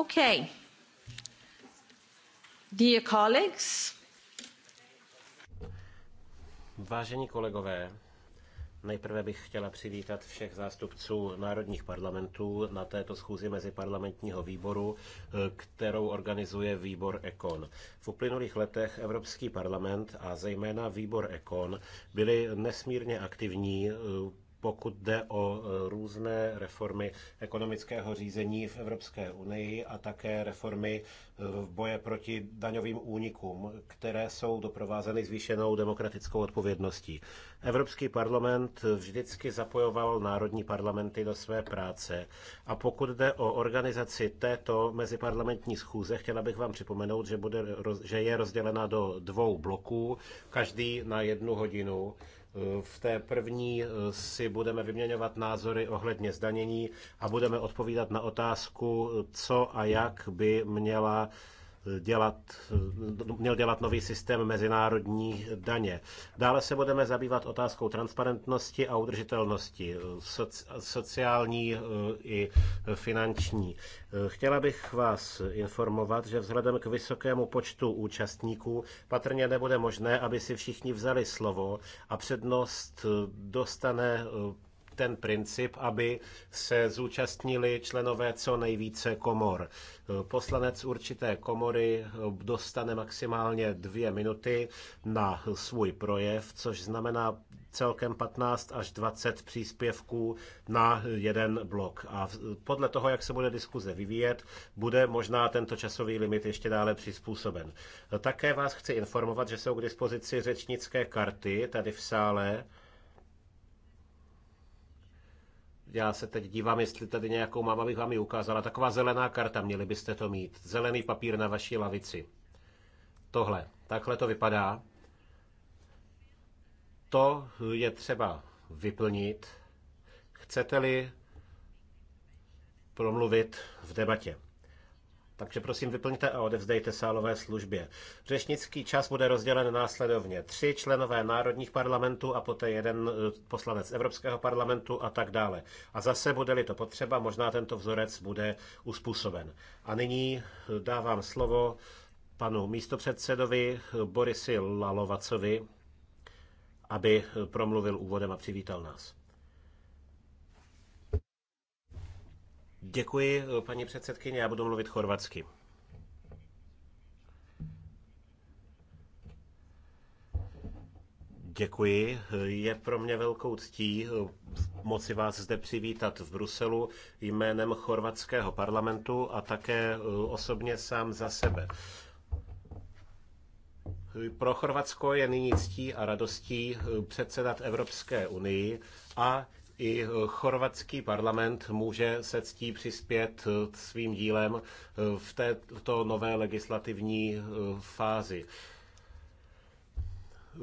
Okay. Dear colleagues. Vážení kolegové, nejprve bych chtěla přivítat všech zástupců národních parlamentů na této schůzi meziparlamentního výboru, kterou organizuje výbor ECON. V uplynulých letech Evropský parlament a zejména výbor ECON byli nesmírně aktivní pokud jde o e, různé reformy ekonomického řízení v Evropské unii a také reformy e, v boje proti daňovým únikům, které jsou doprovázeny zvýšenou demokratickou odpovědností. Evropský parlament vždycky zapojoval národní parlamenty do své práce a pokud jde o organizaci této meziparlamentní schůze, chtěla bych vám připomenout, že, bude, že je rozdělena do dvou bloků, každý na jednu hodinu v té první eh, si budeme vyměňovat názory ohledně zdanění a budeme odpovídat na otázku, co a jak by měla dělat, měl dělat nový systém mezinárodní daně. Dále se budeme zabývat otázkou transparentnosti a udržitelnosti, sociální e, i finanční. Chtěla bych vás informovat, že vzhledem k vysokému počtu účastníků patrně nebude možné, aby si všichni vzali slovo a přednost dostane e, ten princip, aby se zúčastnili členové co nejvíce komor. Poslanec určité komory dostane maximálně dvě minuty na svůj projev, což znamená celkem 15 až 20 příspěvků na jeden blok. A podle toho, jak se bude diskuze vyvíjet, bude možná tento časový limit ještě dále přizpůsoben. Také vás chci informovat, že jsou k dispozici řečnické karty tady v sále Já se teď dívám, jestli tady nějakou mám, abych vám ji ukázala. Taková zelená karta, měli byste to mít. Zelený papír na vaší lavici. Tohle. Takhle to vypadá. To je třeba vyplnit. Chcete-li promluvit v debatě. Takže prosím vyplňte a odevzdejte sálové službě. Řešnický čas bude rozdělen následovně. Tři členové národních parlamentů a poté jeden eh, poslanec Evropského parlamentu a tak dále. A zase bude-li to potřeba, možná tento vzorec bude uspůsoben. A nyní eh, dávám slovo panu místopředsedovi eh, Borisi Lalovacovi, aby promluvil úvodem a přivítal nás. Děkuji, paní předsedkyně, já budu mluvit chorvatsky. Děkuji. Je pro mě velkou ctí moci vás zde přivítat v Bruselu jménem chorvatského parlamentu a také osobně sám za sebe. Pro Chorvatsko je nyní ctí a radostí předsedat Evropské unii a i chorvatský parlament může se ctí přispět svým dílem v této nové legislativní e, fázi.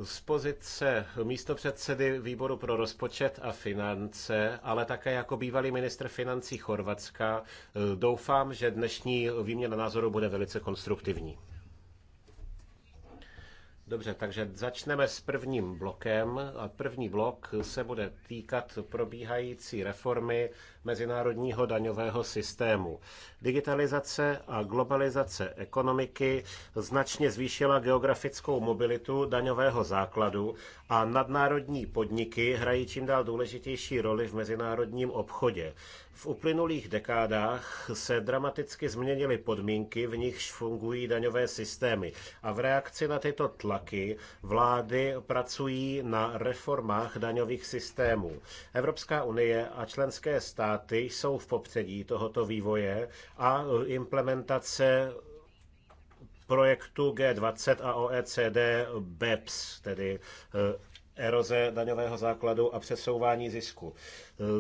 Z pozice místopředsedy výboru pro rozpočet a finance, ale také jako bývalý ministr financí Chorvatska, e, doufám, že dnešní výměna názoru bude velice konstruktivní. Dobře, takže začneme s prvním blokem. A první blok se bude týkat probíhající reformy mezinárodního daňového systému. Digitalizace a globalizace ekonomiky značně zvýšila geografickou mobilitu daňového základu a nadnárodní podniky hrají čím dál důležitější roli v mezinárodním obchodě. V uplynulých dekádách se dramaticky změnily podmínky, v nichž fungují daňové systémy a v reakci na tyto tlaky vlády pracují na reformách daňových systémů. Evropská unie a členské státy státy jsou v popředí tohoto vývoje a implementace projektu G20 a OECD BEPS, tedy eh, eroze daňového základu a přesouvání zisku.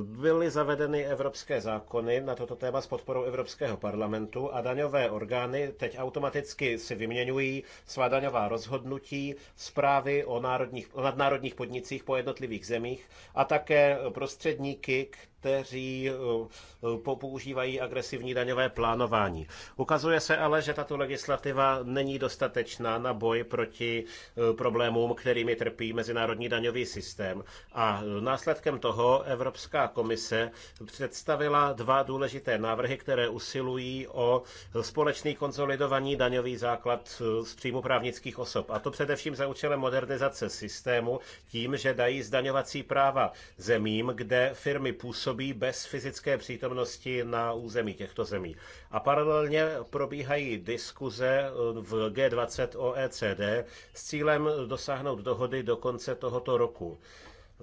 Byly zavedeny evropské zákony na toto téma s podporou Evropského parlamentu a daňové orgány teď automaticky si vyměňují svá daňová rozhodnutí, zprávy o, národních, o nadnárodních podnicích po jednotlivých zemích a také prostředníky, kteří eh, eh, používají agresivní daňové plánování. Ukazuje se ale, že tato legislativa není dostatečná na boj proti eh, problémům, kterými trpí mezinárodní daňový systém. A následkem toho Evropská Evropská komise představila dva důležité návrhy, které usilují o společný konsolidovaný daňový základ eh, z příjmu právnických osob. A to především za účelem modernizace systému tím, že dají zdaňovací práva zemím, kde firmy působí bez fyzické přítomnosti na území těchto zemí. A paralelně probíhají diskuze eh, v G20 OECD s cílem dosáhnout dohody do konce tohoto roku.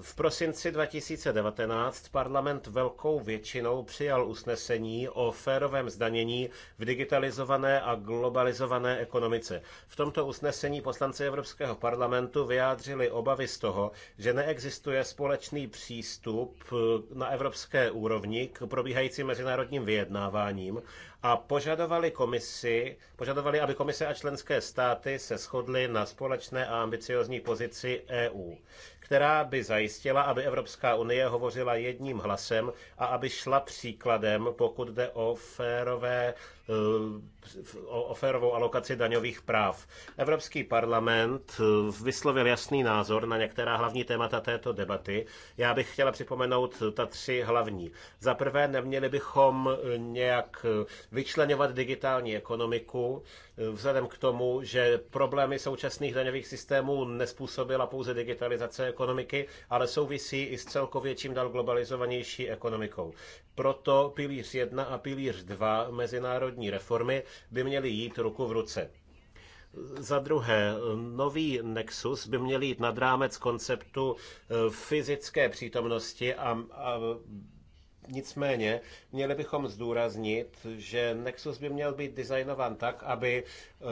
V prosinci 2019 parlament velkou většinou přijal usnesení o férovém zdanění v digitalizované a globalizované ekonomice. V tomto usnesení poslanci Evropského parlamentu vyjádřili obavy z toho, že neexistuje společný přístup eh, na evropské úrovni k probíhajícím mezinárodním vyjednáváním a požadovali komisi, požadovali, aby komise a členské státy se shodly na společné a ambiciozní pozici EU která by zajistila, aby Evropská unie hovořila jedním hlasem a aby šla příkladem, pokud jde o férové Eh, o férovou alokaci daňových práv. Evropský parlament eh, vyslovil jasný názor na některá hlavní témata této debaty. Já bych chtěla připomenout ta tři hlavní. Za prvé, neměli bychom eh, nějak vyčlenovat digitální ekonomiku, vzhledem k tomu, že problémy současných daňových systémů nespůsobila pouze digitalizace ekonomiky, ale souvisí i s celkově čím dál globalizovanější ekonomikou. Proto pilíř 1 a pilíř 2 mezinárodní reformy by měly jít ruku v ruce. Za druhé, nový Nexus by měl jít nad rámec konceptu eh, fyzické přítomnosti a, a Nicméně měli bychom zdůraznit, že Nexus by měl být designován tak, aby eh,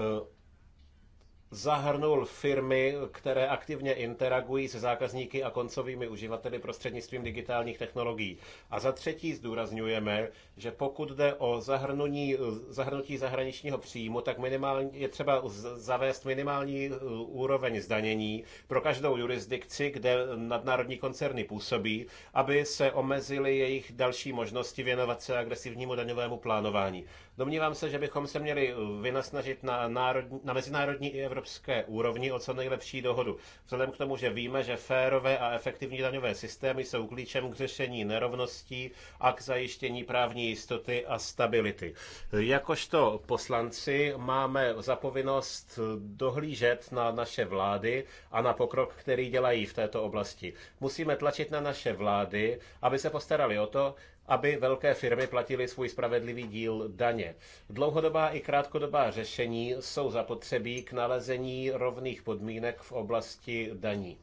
zahrnul firmy, které aktivně interagují se zákazníky a koncovými uživateli prostřednictvím digitálních technologií. A za třetí zdůrazňujeme, že pokud jde o zahrnutí, zahrnutí zahraničního příjmu, tak minimální, je třeba zavést minimální e, úroveň zdanění pro každou jurisdikci, kde nadnárodní koncerny působí, aby se omezily jejich další možnosti věnovat se agresivnímu daňovému plánování. Domnívám se, že bychom se měli uh, vynasnažit na, národní, na mezinárodní i evropské úrovni o co nejlepší dohodu. Vzhledem k tomu, že víme, že férové a efektivní daňové systémy jsou klíčem k řešení nerovností a k zajištění právní jistoty a stability. Jakožto poslanci máme zapovinnost uh, dohlížet na naše vlády a na pokrok, který dělají v této oblasti. Musíme tlačit na naše vlády, aby se postarali o to, aby velké firmy platily svůj spravedlivý díl daně. Dlouhodobá i krátkodobá řešení jsou zapotřebí k nalezení rovných podmínek v oblasti daní.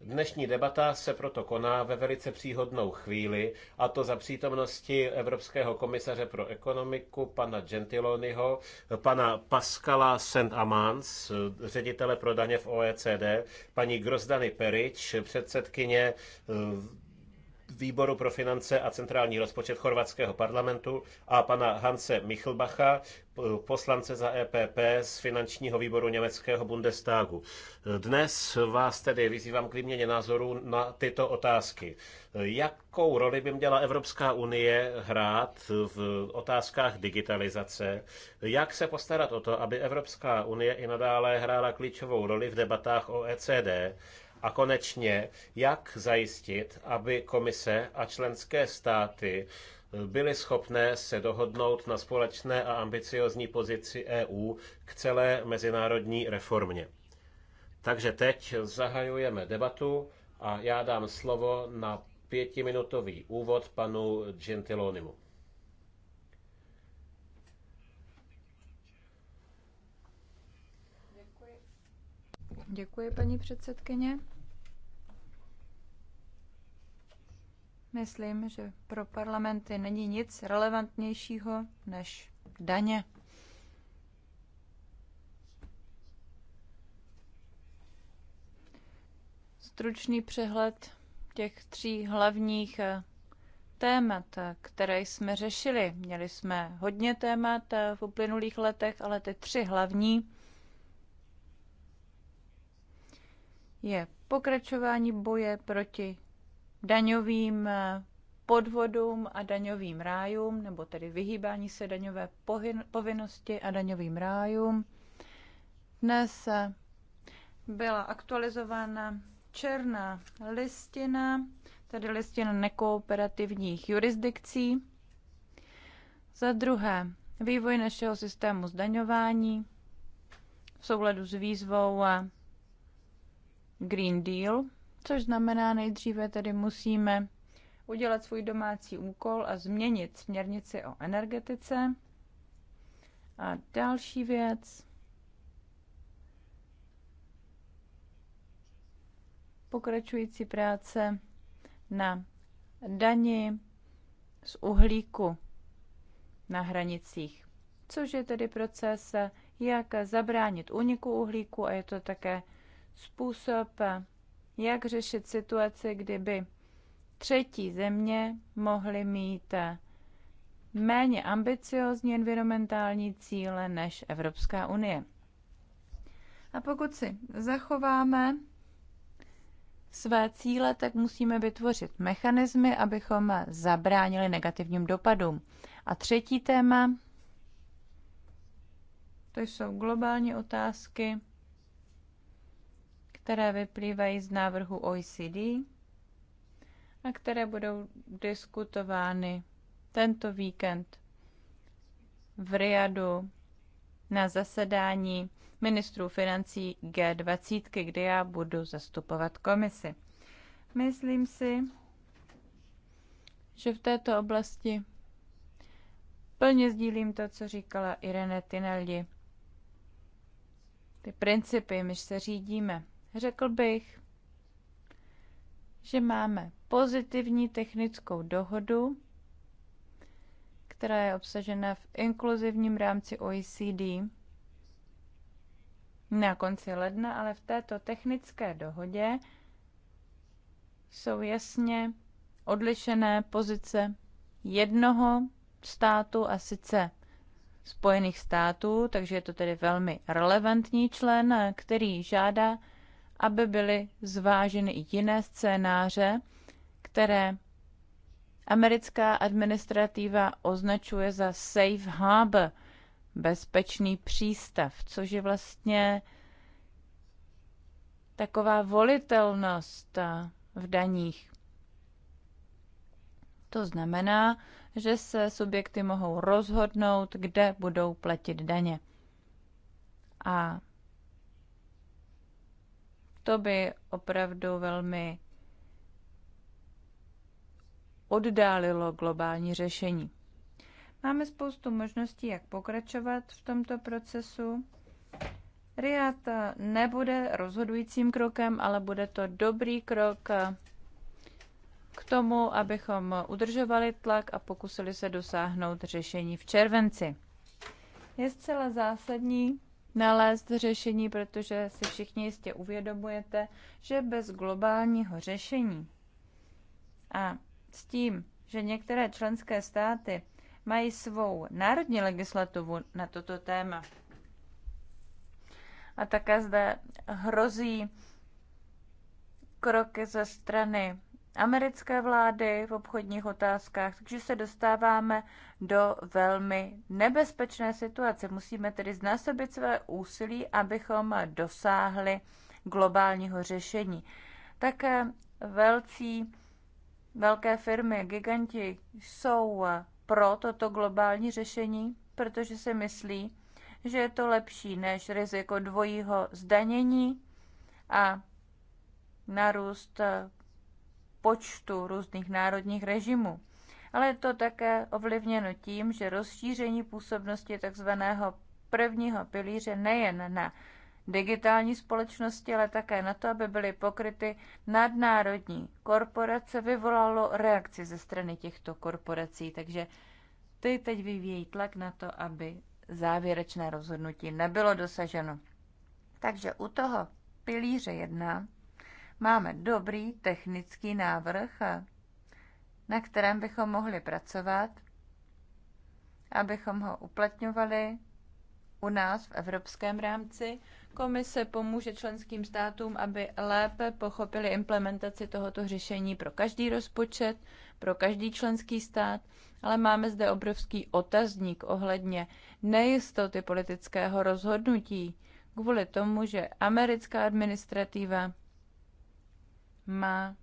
Dnešní debata se proto koná ve velice příhodnou chvíli, a to za přítomnosti Evropského komisaře pro ekonomiku, pana Gentiloniho, pana Pascala Saint-Amans, ředitele pro daně v OECD, paní Grozdany Perič, předsedkyně eh, výboru pro finance a centrální rozpočet chorvatského parlamentu a pana Hanse Michlbacha, poslance za EPP z finančního výboru německého Bundestagu. Dnes vás tedy vyzývám k výměně názorů na tyto otázky. Jakou roli by měla Evropská unie hrát v otázkách digitalizace? Jak se postarat o to, aby Evropská unie i nadále hrála klíčovou roli v debatách o ECD? A konečně, jak zajistit, aby komise a členské státy byly schopné se dohodnout na společné a ambiciozní pozici EU k celé mezinárodní reformě. Takže teď zahajujeme debatu a já dám slovo na pětiminutový úvod panu Gentilonimu. Děkuji, paní předsedkyně. Myslím, že pro parlamenty není nic relevantnějšího než daně. Stručný přehled těch tří hlavních eh, témat, eh, které jsme řešili. Měli jsme hodně témat eh, v uplynulých letech, ale ty tři hlavní je pokračování boje proti daňovým eh, podvodům a daňovým rájům, nebo tedy vyhýbání se daňové povinnosti a daňovým rájům. Dnes eh, byla aktualizována černá listina, tedy listina nekooperativních jurisdikcí. Za druhé, vývoj našeho systému zdaňování v souladu s výzvou eh, Green Deal Což znamená, nejdříve tedy musíme udělat svůj domácí úkol a změnit směrnici o energetice. A další věc. Pokračující práce na dani z uhlíku na hranicích, což je tedy proces, jak zabránit úniku uhlíku a je to také způsob, jak řešit situaci, kdyby třetí země mohly mít méně ambiciozní environmentální cíle než Evropská unie. A pokud si zachováme své cíle, tak musíme vytvořit mechanismy, abychom zabránili negativním dopadům. A třetí téma, to jsou globální otázky které vyplývají z návrhu OECD a které budou diskutovány tento víkend v Riadu na zasedání ministrů financí G20, kde já budu zastupovat komisi. Myslím si, že v této oblasti plně sdílím to, co říkala Irene Tinelli. Ty principy, myž se řídíme. Řekl bych, že máme pozitivní technickou dohodu, která je obsažena v inkluzivním rámci OECD na konci ledna, ale v této technické dohodě jsou jasně odlišené pozice jednoho státu a sice Spojených států, takže je to tedy velmi relevantní člen, který žádá aby byly zváženy i jiné scénáře, které americká administrativa označuje za safe harbor, bezpečný přístav, což je vlastně taková volitelnost v daních. To znamená, že se subjekty mohou rozhodnout, kde budou platit daně. A to by opravdu velmi oddálilo globální řešení. Máme spoustu možností, jak pokračovat v tomto procesu. Riad nebude rozhodujícím krokem, ale bude to dobrý krok k tomu, abychom udržovali tlak a pokusili se dosáhnout řešení v červenci. Je zcela zásadní, nalézt řešení, protože si všichni jistě uvědomujete, že bez globálního řešení a s tím, že některé členské státy mají svou národní legislativu na toto téma, a také zde hrozí kroky ze strany americké vlády v obchodních otázkách, takže se dostáváme do velmi nebezpečné situace. Musíme tedy znásobit své úsilí, abychom dosáhli globálního řešení. Také velcí, velké firmy, giganti jsou pro toto globální řešení, protože si myslí, že je to lepší než riziko dvojího zdanění a narůst počtu různých národních režimů. Ale je to také ovlivněno tím, že rozšíření působnosti tzv. prvního pilíře nejen na digitální společnosti, ale také na to, aby byly pokryty nadnárodní korporace, vyvolalo reakci ze strany těchto korporací. Takže ty teď vyvíjí tlak na to, aby závěrečné rozhodnutí nebylo dosaženo. Takže u toho pilíře 1 Máme dobrý technický návrh, na kterém bychom mohli pracovat, abychom ho uplatňovali u nás v evropském rámci. Komise pomůže členským státům, aby lépe pochopili implementaci tohoto řešení pro každý rozpočet, pro každý členský stát, ale máme zde obrovský otazník ohledně nejistoty politického rozhodnutí kvůli tomu, že americká administrativa má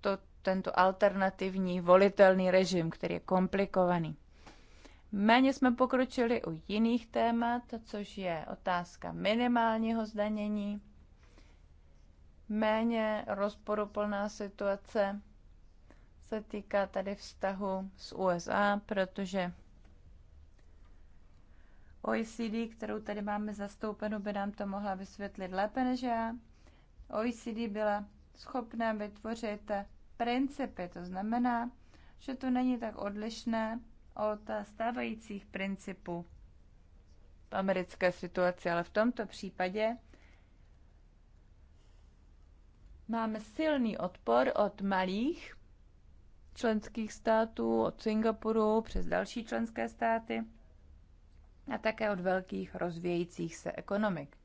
to, tento alternativní volitelný režim, který je komplikovaný. Méně jsme pokročili u jiných témat, což je otázka minimálního zdanění, méně rozporuplná situace se týká tady vztahu s USA, protože OECD, kterou tady máme zastoupenou, by nám to mohla vysvětlit lépe než já. OECD byla schopná vytvořit principy. To znamená, že to není tak odlišné od stávajících principů v americké situaci, ale v tomto případě máme silný odpor od malých členských států, od Singapuru přes další členské státy a také od velkých rozvějících se ekonomik.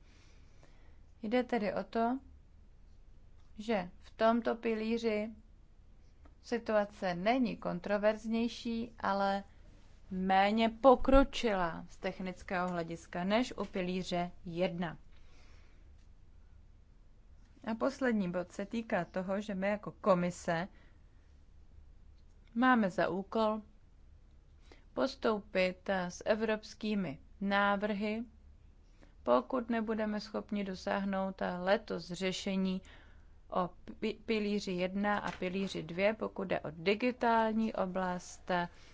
Jde tedy o to, že v tomto pilíři situace není kontroverznější, ale méně pokročila z technického hlediska než u pilíře 1. A poslední bod se týká toho, že my jako komise máme za úkol postoupit s evropskými návrhy, pokud nebudeme schopni dosáhnout letos řešení o pilíři 1 a pilíři 2, pokud jde o digitální oblast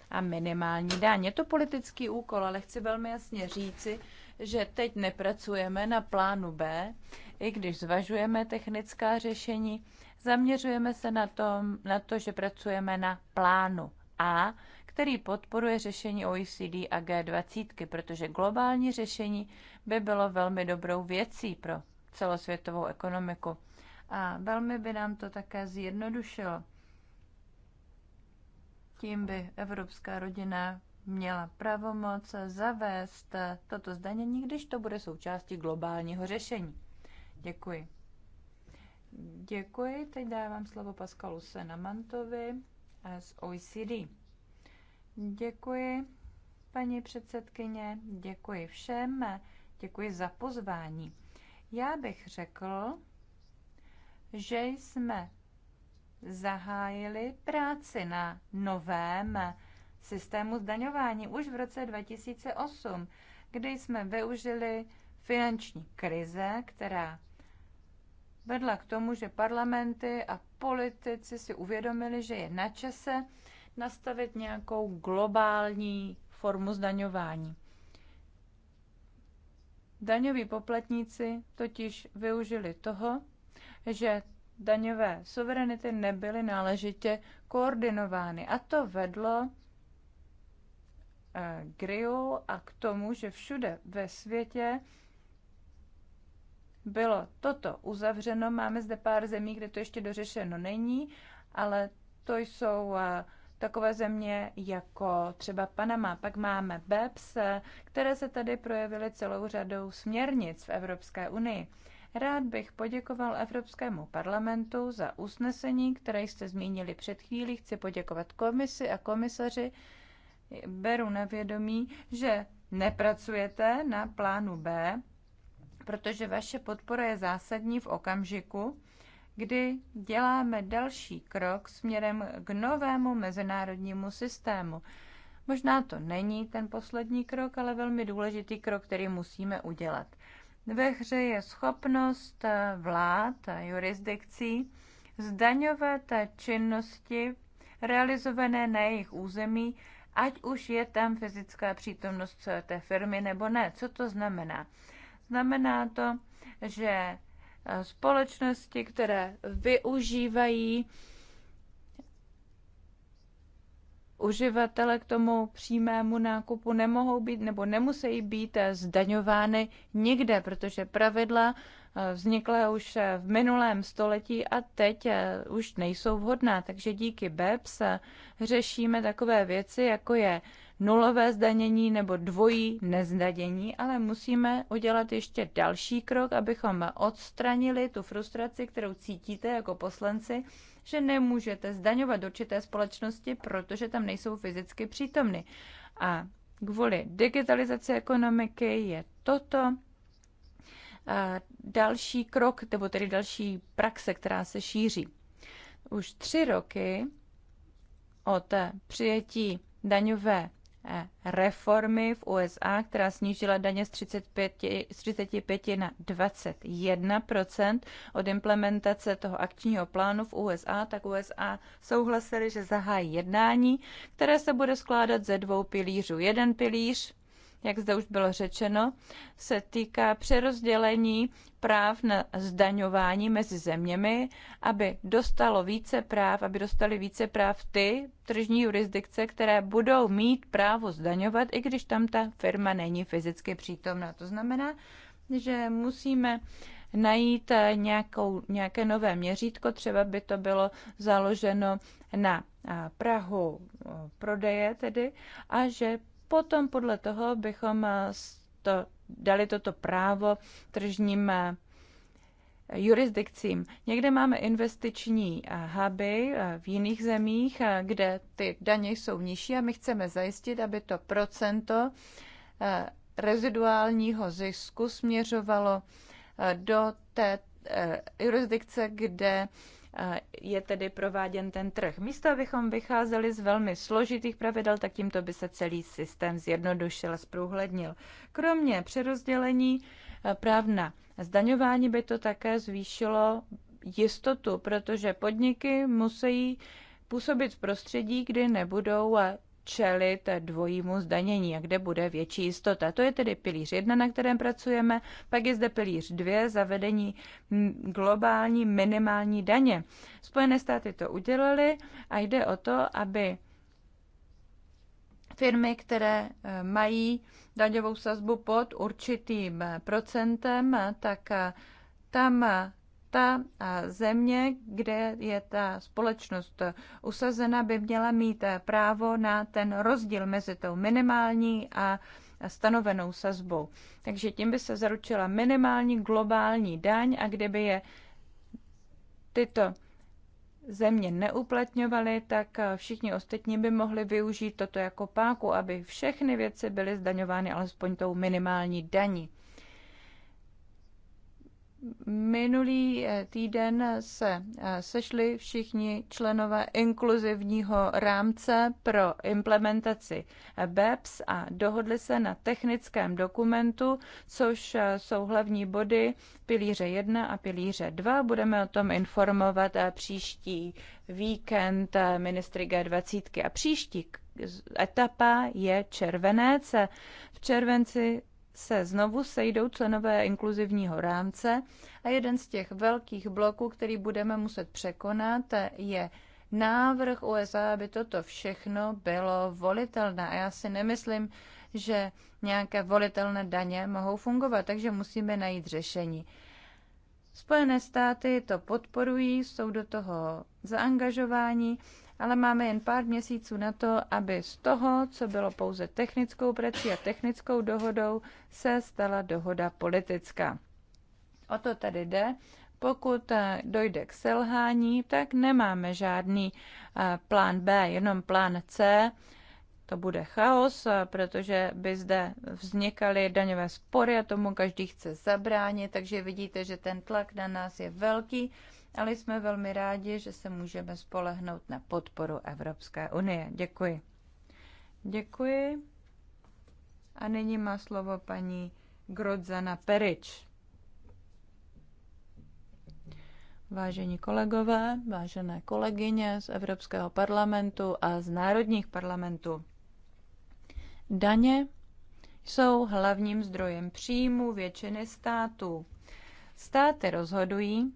a minimální daň. Je to politický úkol, ale chci velmi jasně říci, že teď nepracujeme na plánu B, i když zvažujeme technická řešení, zaměřujeme se na, tom, na to, že pracujeme na plánu A, který podporuje řešení OECD a G20, protože globální řešení by bylo velmi dobrou věcí pro celosvětovou ekonomiku a velmi by nám to také zjednodušilo. Tím by evropská rodina měla pravomoc zavést toto zdanění, když to bude součástí globálního řešení. Děkuji. Děkuji. Teď dávám slovo Paskalu Senamantovi z OECD. Děkuji, paní předsedkyně, děkuji všem, děkuji za pozvání. Já bych řekl, že jsme zahájili práci na novém systému zdaňování už v roce 2008, kdy jsme využili finanční krize, která vedla k tomu, že parlamenty a politici si uvědomili, že je na čase nastavit nějakou globální formu zdaňování. Daňoví poplatníci totiž využili toho, že daňové suverenity nebyly náležitě koordinovány. A to vedlo eh, k RIU a k tomu, že všude ve světě bylo toto uzavřeno. Máme zde pár zemí, kde to ještě dořešeno není, ale to jsou eh, takové země jako třeba Panama. Pak máme BEPS, eh, které se tady projevily celou řadou směrnic v Evropské unii. Rád bych poděkoval Evropskému parlamentu za usnesení, které jste zmínili před chvílí. Chci poděkovat komisi a komisaři. Beru na vědomí, že nepracujete na plánu B, protože vaše podpora je zásadní v okamžiku, kdy děláme další krok směrem k novému mezinárodnímu systému. Možná to není ten poslední krok, ale velmi důležitý krok, který musíme udělat. Ve hře je schopnost eh, vlád, jurisdikcí, zdaňovat eh, činnosti realizované na jejich území, ať už je tam fyzická přítomnost té firmy nebo ne. Co to znamená? Znamená to, že eh, společnosti, které využívají uživatele k tomu přímému nákupu nemohou být nebo nemusí být eh, zdaňovány nikde, protože pravidla eh, vznikla už eh, v minulém století a teď už nejsou vhodná. Takže díky BEPS řešíme takové věci, jako je nulové zdanění nebo dvojí nezdanění, ale musíme udělat ještě další krok, abychom odstranili tu frustraci, kterou cítíte jako poslanci, že nemůžete zdaňovat určité společnosti, protože tam nejsou fyzicky přítomny. A kvůli digitalizaci ekonomiky je toto další krok, nebo tedy další praxe, která se šíří. Už tři roky od přijetí daňové Eh, reformy v USA, která snížila daně z 35, z 35 na 21 od implementace toho akčního plánu v USA, tak USA souhlasili, že zahájí jednání, které se bude skládat ze dvou pilířů. Jeden pilíř jak zde už bylo řečeno, se týká přerozdělení práv na zdaňování mezi zeměmi, aby dostalo více práv, aby dostali více práv ty tržní jurisdikce, které budou mít právo zdaňovat, i když tam ta firma není fyzicky přítomná. To znamená, že musíme najít nějakou, nějaké nové měřítko, třeba by to bylo založeno na Prahu prodeje tedy, a že potom podle toho bychom eh, to, dali toto právo tržním eh, jurisdikcím. Někde máme investiční eh, huby v jiných zemích, kde ty daně jsou nižší a my chceme zajistit, aby to procento reziduálního zisku směřovalo do té jurisdikce, kde je tedy prováděn ten trh. Místo, abychom vycházeli z velmi složitých pravidel, tak tímto by se celý systém zjednodušil a zprůhlednil. Kromě přerozdělení eh, práv na zdaňování by to také zvýšilo jistotu, protože podniky musí působit v prostředí, kdy nebudou eh, čelit dvojímu zdanění a kde bude větší jistota. To je tedy pilíř 1, na kterém pracujeme. Pak je zde pilíř 2, zavedení globální minimální daně. Spojené státy to udělali a jde o to, aby firmy, které e, mají daňovou sazbu pod určitým e, procentem, e, tak tam ta země, kde je ta společnost e, usazena, by měla mít e, právo na ten rozdíl mezi tou minimální a stanovenou sazbou. Takže tím by se zaručila minimální globální daň a kdyby je tyto země neuplatňovaly, tak e, všichni ostatní by mohli využít toto jako páku, aby všechny věci byly zdaňovány alespoň tou minimální daní. Minulý eh, týden se eh, sešli všichni členové inkluzivního rámce pro implementaci eh, BEPS a dohodli se na technickém dokumentu, což jsou hlavní body pilíře 1 a pilíře 2. Budeme o tom informovat příští víkend ministry G20 a příští etapa je červenec. V červenci se znovu sejdou členové inkluzivního rámce a jeden z těch velkých bloků, který budeme muset překonat, je návrh USA, aby toto všechno bylo volitelné. A já si nemyslím, že nějaké volitelné daně mohou fungovat, takže musíme najít řešení. Spojené státy to podporují, jsou do toho zaangažováni ale máme jen pár měsíců na to, aby z toho, co bylo pouze technickou prací a technickou dohodou, se stala dohoda politická. O to tady jde. Pokud eh, dojde k selhání, tak nemáme žádný eh, plán B, jenom plán C. To bude chaos, eh, protože by zde vznikaly daňové spory a tomu každý chce zabránit, takže vidíte, že ten tlak na nás je velký ale jsme velmi rádi, že se můžeme spolehnout na podporu Evropské unie. Děkuji. Děkuji. A nyní má slovo paní Grodzana Perič. Vážení kolegové, vážené kolegyně z Evropského parlamentu a z národních parlamentů, daně jsou hlavním zdrojem příjmu většiny států. Státy rozhodují,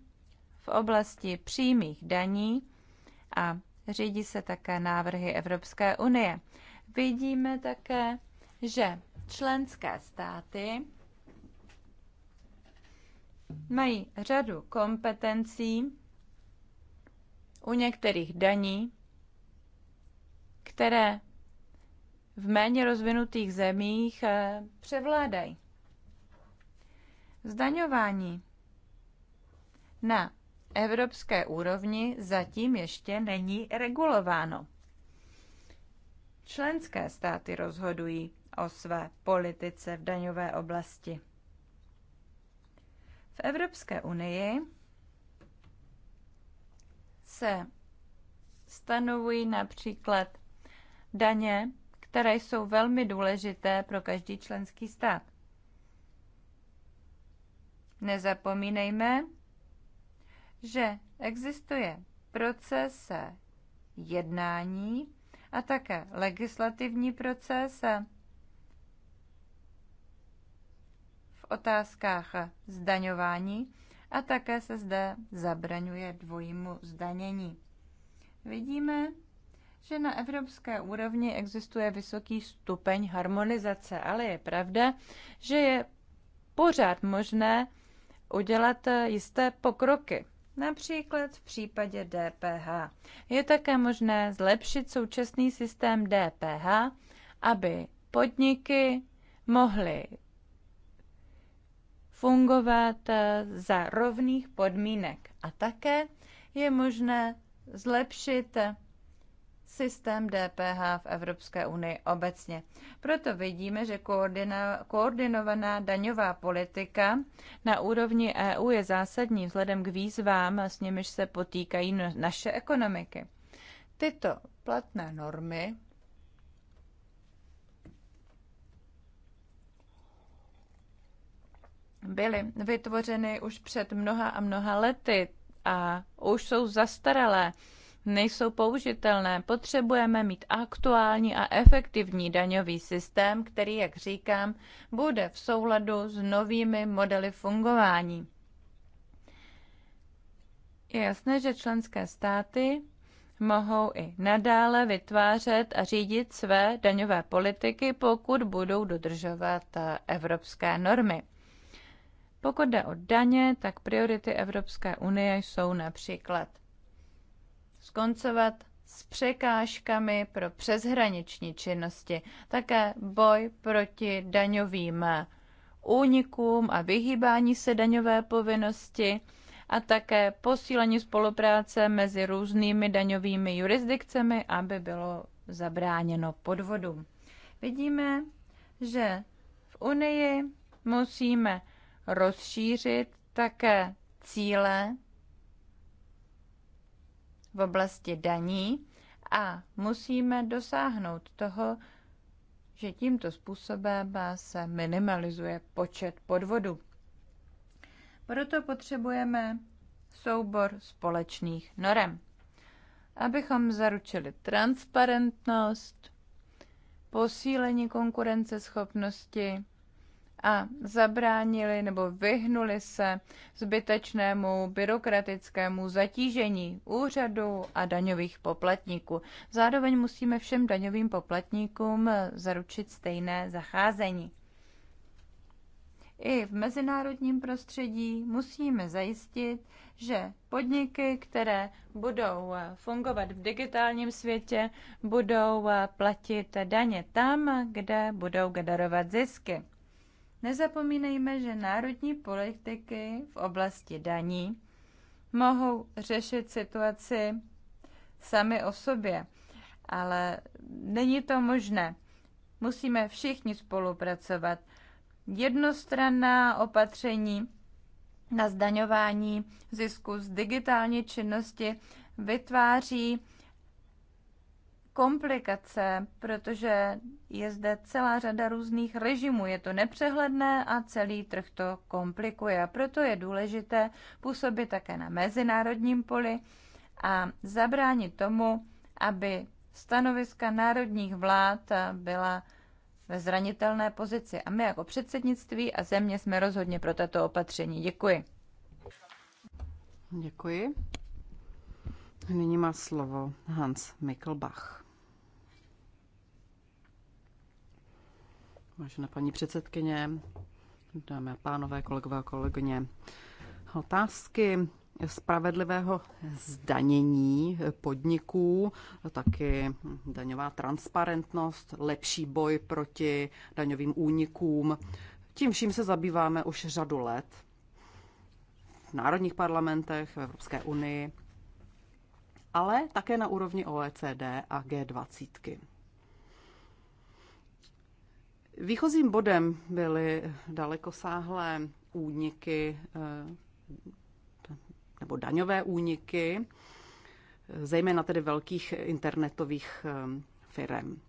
v oblasti přímých daní a řídí se také návrhy Evropské unie. Vidíme také, že členské státy mají řadu kompetencí u některých daní, které v méně rozvinutých zemích eh, převládají. Zdaňování na evropské úrovni zatím ještě není regulováno. Členské státy rozhodují o své politice v daňové oblasti. V Evropské unii se stanovují například daně, které jsou velmi důležité pro každý členský stát. Nezapomínejme, že existuje proces jednání a také legislativní proces v otázkách zdaňování a také se zde zabraňuje dvojímu zdanění. Vidíme, že na evropské úrovni existuje vysoký stupeň harmonizace, ale je pravda, že je pořád možné udělat jisté pokroky například v případě DPH. Je také možné zlepšit současný systém DPH, aby podniky mohly fungovat eh, za rovných podmínek. A také je možné zlepšit systém DPH v Evropské unii obecně. Proto vidíme, že koordinovaná daňová politika na úrovni EU je zásadní vzhledem k výzvám, s nimiž se potýkají naše ekonomiky. Tyto platné normy byly vytvořeny už před mnoha a mnoha lety a už jsou zastaralé nejsou použitelné. Potřebujeme mít aktuální a efektivní daňový systém, který, jak říkám, bude v souladu s novými modely fungování. Je jasné, že členské státy mohou i nadále vytvářet a řídit své daňové politiky, pokud budou dodržovat eh, evropské normy. Pokud jde o daně, tak priority Evropské unie jsou například skoncovat s překážkami pro přeshraniční činnosti, také boj proti daňovým únikům a vyhýbání se daňové povinnosti a také posílení spolupráce mezi různými daňovými jurisdikcemi, aby bylo zabráněno podvodům. Vidíme, že v Unii musíme rozšířit také cíle v oblasti daní a musíme dosáhnout toho, že tímto způsobem se minimalizuje počet podvodů. Proto potřebujeme soubor společných norem, abychom zaručili transparentnost, posílení konkurenceschopnosti a zabránili nebo vyhnuli se zbytečnému byrokratickému zatížení úřadu a daňových poplatníků. Zároveň musíme všem daňovým poplatníkům zaručit stejné zacházení. I v mezinárodním prostředí musíme zajistit, že podniky, které budou fungovat v digitálním světě, budou platit daně tam, kde budou generovat zisky. Nezapomínejme, že národní politiky v oblasti daní mohou řešit situaci sami o sobě, ale není to možné. Musíme všichni spolupracovat. Jednostranná opatření na zdaňování zisku z digitální činnosti vytváří komplikace, protože je zde celá řada různých režimů. Je to nepřehledné a celý trh to komplikuje. A proto je důležité působit také na mezinárodním poli a zabránit tomu, aby stanoviska národních vlád byla ve zranitelné pozici. A my jako předsednictví a země jsme rozhodně pro tato opatření. Děkuji. Děkuji. Nyní má slovo Hans Mikkelbach. Vážená paní předsedkyně, dámy a pánové, kolegové a kolegyně, otázky spravedlivého zdanění podniků, taky daňová transparentnost, lepší boj proti daňovým únikům. Tím vším se zabýváme už řadu let v národních parlamentech, v Evropské unii, ale také na úrovni OECD a G20. Výchozím bodem byly dalekosáhlé úniky eh, nebo daňové úniky, zejména tedy velkých internetových eh, firm.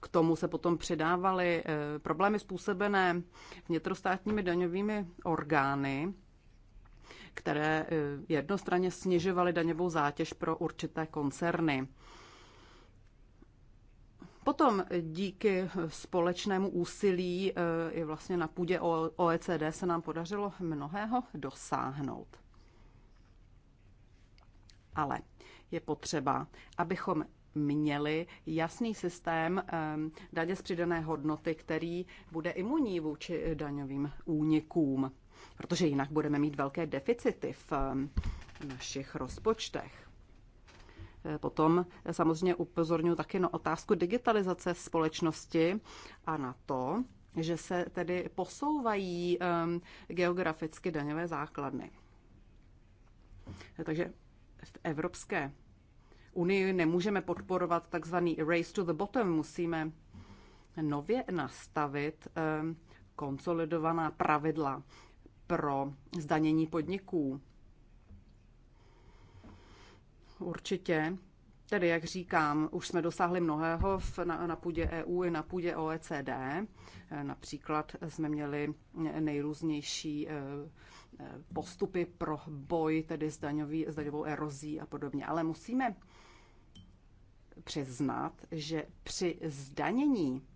K tomu se potom přidávaly eh, problémy způsobené vnitrostátními daňovými orgány, které jednostranně snižovaly daňovou zátěž pro určité koncerny. Potom díky společnému úsilí eh, i vlastně na půdě OECD se nám podařilo mnohého dosáhnout. Ale je potřeba, abychom měli jasný systém eh, daně z přidané hodnoty, který bude imunní vůči daňovým únikům, protože jinak budeme mít velké deficity v eh, našich rozpočtech. Eh, potom eh, samozřejmě upozorňuji taky na otázku digitalizace společnosti a na to, že se tedy posouvají ehm, geograficky daňové základny. Eh, takže v Evropské unii nemůžeme podporovat takzvaný race to the bottom, musíme nově nastavit ehm, konsolidovaná pravidla pro zdanění podniků. Určitě. Tedy, jak říkám, už jsme dosáhli mnohého v, na, na půdě EU i na půdě OECD. Eh, například jsme měli nejrůznější eh, eh, postupy pro boj tedy s, daňový, s daňovou erozí a podobně. Ale musíme přiznat, že při zdanění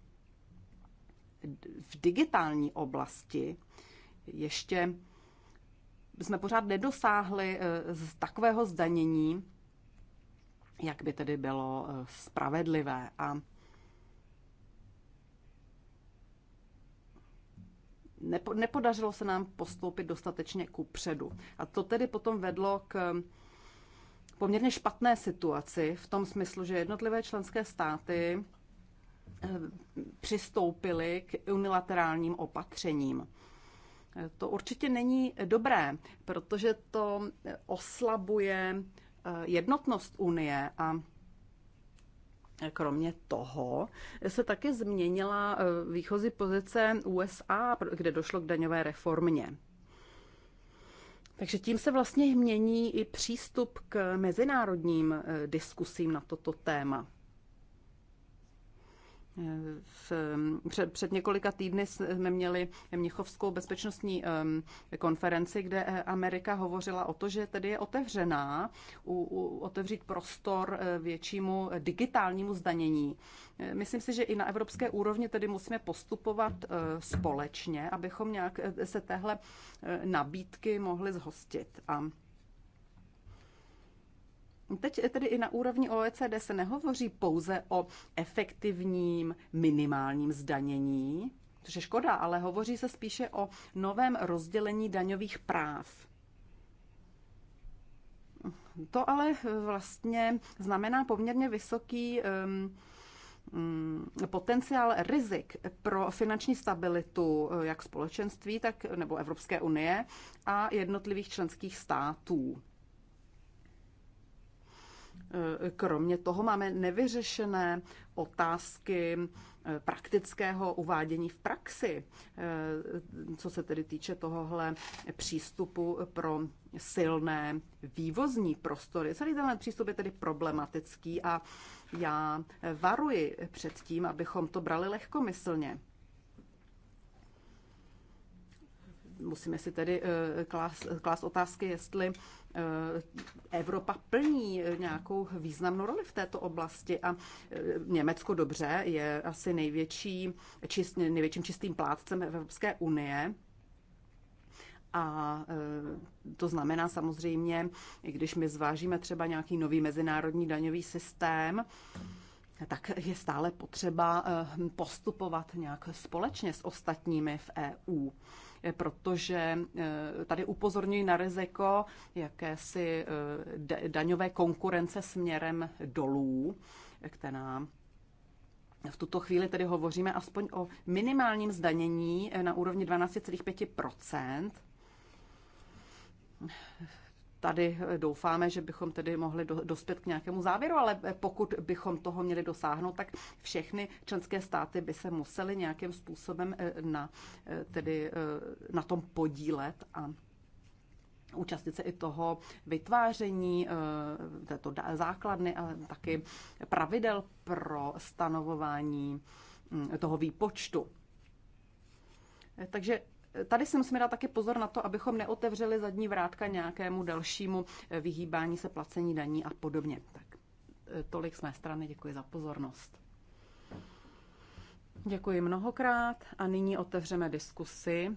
v digitální oblasti ještě jsme pořád nedosáhli z takového zdanění, jak by tedy bylo eh, spravedlivé. A nepodařilo se nám postoupit dostatečně ku předu. A to tedy potom vedlo k eh, poměrně špatné situaci v tom smyslu, že jednotlivé členské státy eh, přistoupily k unilaterálním opatřením. To určitě není dobré, protože to oslabuje Eh, jednotnost Unie a Kromě toho se také změnila eh, výchozí pozice USA, kde došlo k daňové reformě. Takže tím se vlastně mění i přístup k mezinárodním eh, diskusím na toto téma v, před, před několika týdny jsme měli Mnichovskou bezpečnostní konferenci, kde Amerika hovořila o to, že tedy je otevřená, u, u, otevřít prostor eh, většímu digitálnímu zdanění. Eh, myslím si, že i na evropské úrovni tedy musíme postupovat eh, společně, abychom nějak se téhle nabídky mohli zhostit. A Teď tedy i na úrovni OECD se nehovoří pouze o efektivním minimálním zdanění, což je škoda, ale hovoří se spíše o novém rozdělení daňových práv. To ale vlastně znamená poměrně vysoký mm, potenciál rizik pro finanční stabilitu eh, jak společenství, tak nebo Evropské unie a jednotlivých členských států. E, kromě toho máme nevyřešené otázky e, praktického uvádění v praxi, e, co se tedy týče tohohle přístupu pro silné vývozní prostory. Celý tenhle přístup je tedy problematický a já varuji před tím, abychom to brali lehkomyslně. Musíme si tedy klást, klást otázky, jestli Eh, Evropa plní eh, nějakou významnou roli v této oblasti a eh, Německo dobře je asi největší, čist, největším čistým plátcem Evropské unie. A to znamená samozřejmě, když my zvážíme třeba nějaký nový mezinárodní daňový systém, tak je stále potřeba postupovat nějak společně s ostatními v EU. Eh, protože eh, tady upozorňují na riziko jakési eh, daňové konkurence směrem dolů, která v tuto chvíli tedy hovoříme aspoň o minimálním zdanění na úrovni 12,5 tady eh, doufáme, že bychom tedy mohli dospět k nějakému závěru, ale eh, pokud bychom toho měli dosáhnout, tak všechny členské státy by se musely nějakým způsobem eh, na, tedy, na tom podílet a účastnit se i toho vytváření této základny ale taky pravidel pro stanovování mm, toho výpočtu. Takže tady si musíme dát taky pozor na to, abychom neotevřeli zadní vrátka nějakému dalšímu eh, vyhýbání se placení daní a podobně. Tak eh, tolik z mé strany, děkuji za pozornost. Děkuji mnohokrát a nyní otevřeme diskusi.